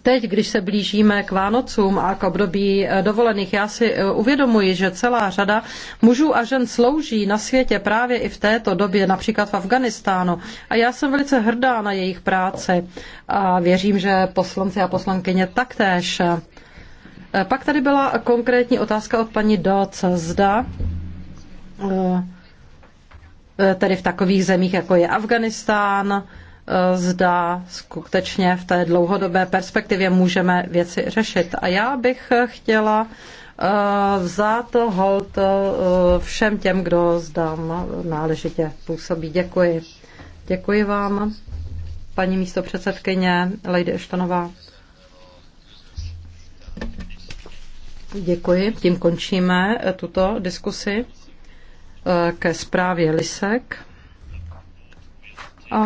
Teď, když se blížíme k Vánocům a k období eh, dovolených, já si eh, uvědomuji, že celá řada mužů a žen slouží na světě právě i v této době, například v Afganistánu. A já jsem velice hrdá na jejich práci a věřím, že poslanci a poslankyně taktéž. Eh, pak tady byla konkrétní otázka od paní Doc. Zda eh, eh, tedy v takových zemích, jako je Afganistán, zda skutečně v té dlouhodobé perspektivě můžeme věci řešit. A já bych chtěla vzát hold všem těm, kdo zdám náležitě působí. Děkuji. Děkuji vám, paní místo předsedkyně Lady Eštanová. Děkuji. Tím končíme eh, tuto diskusi eh, ke zprávě Lisek. A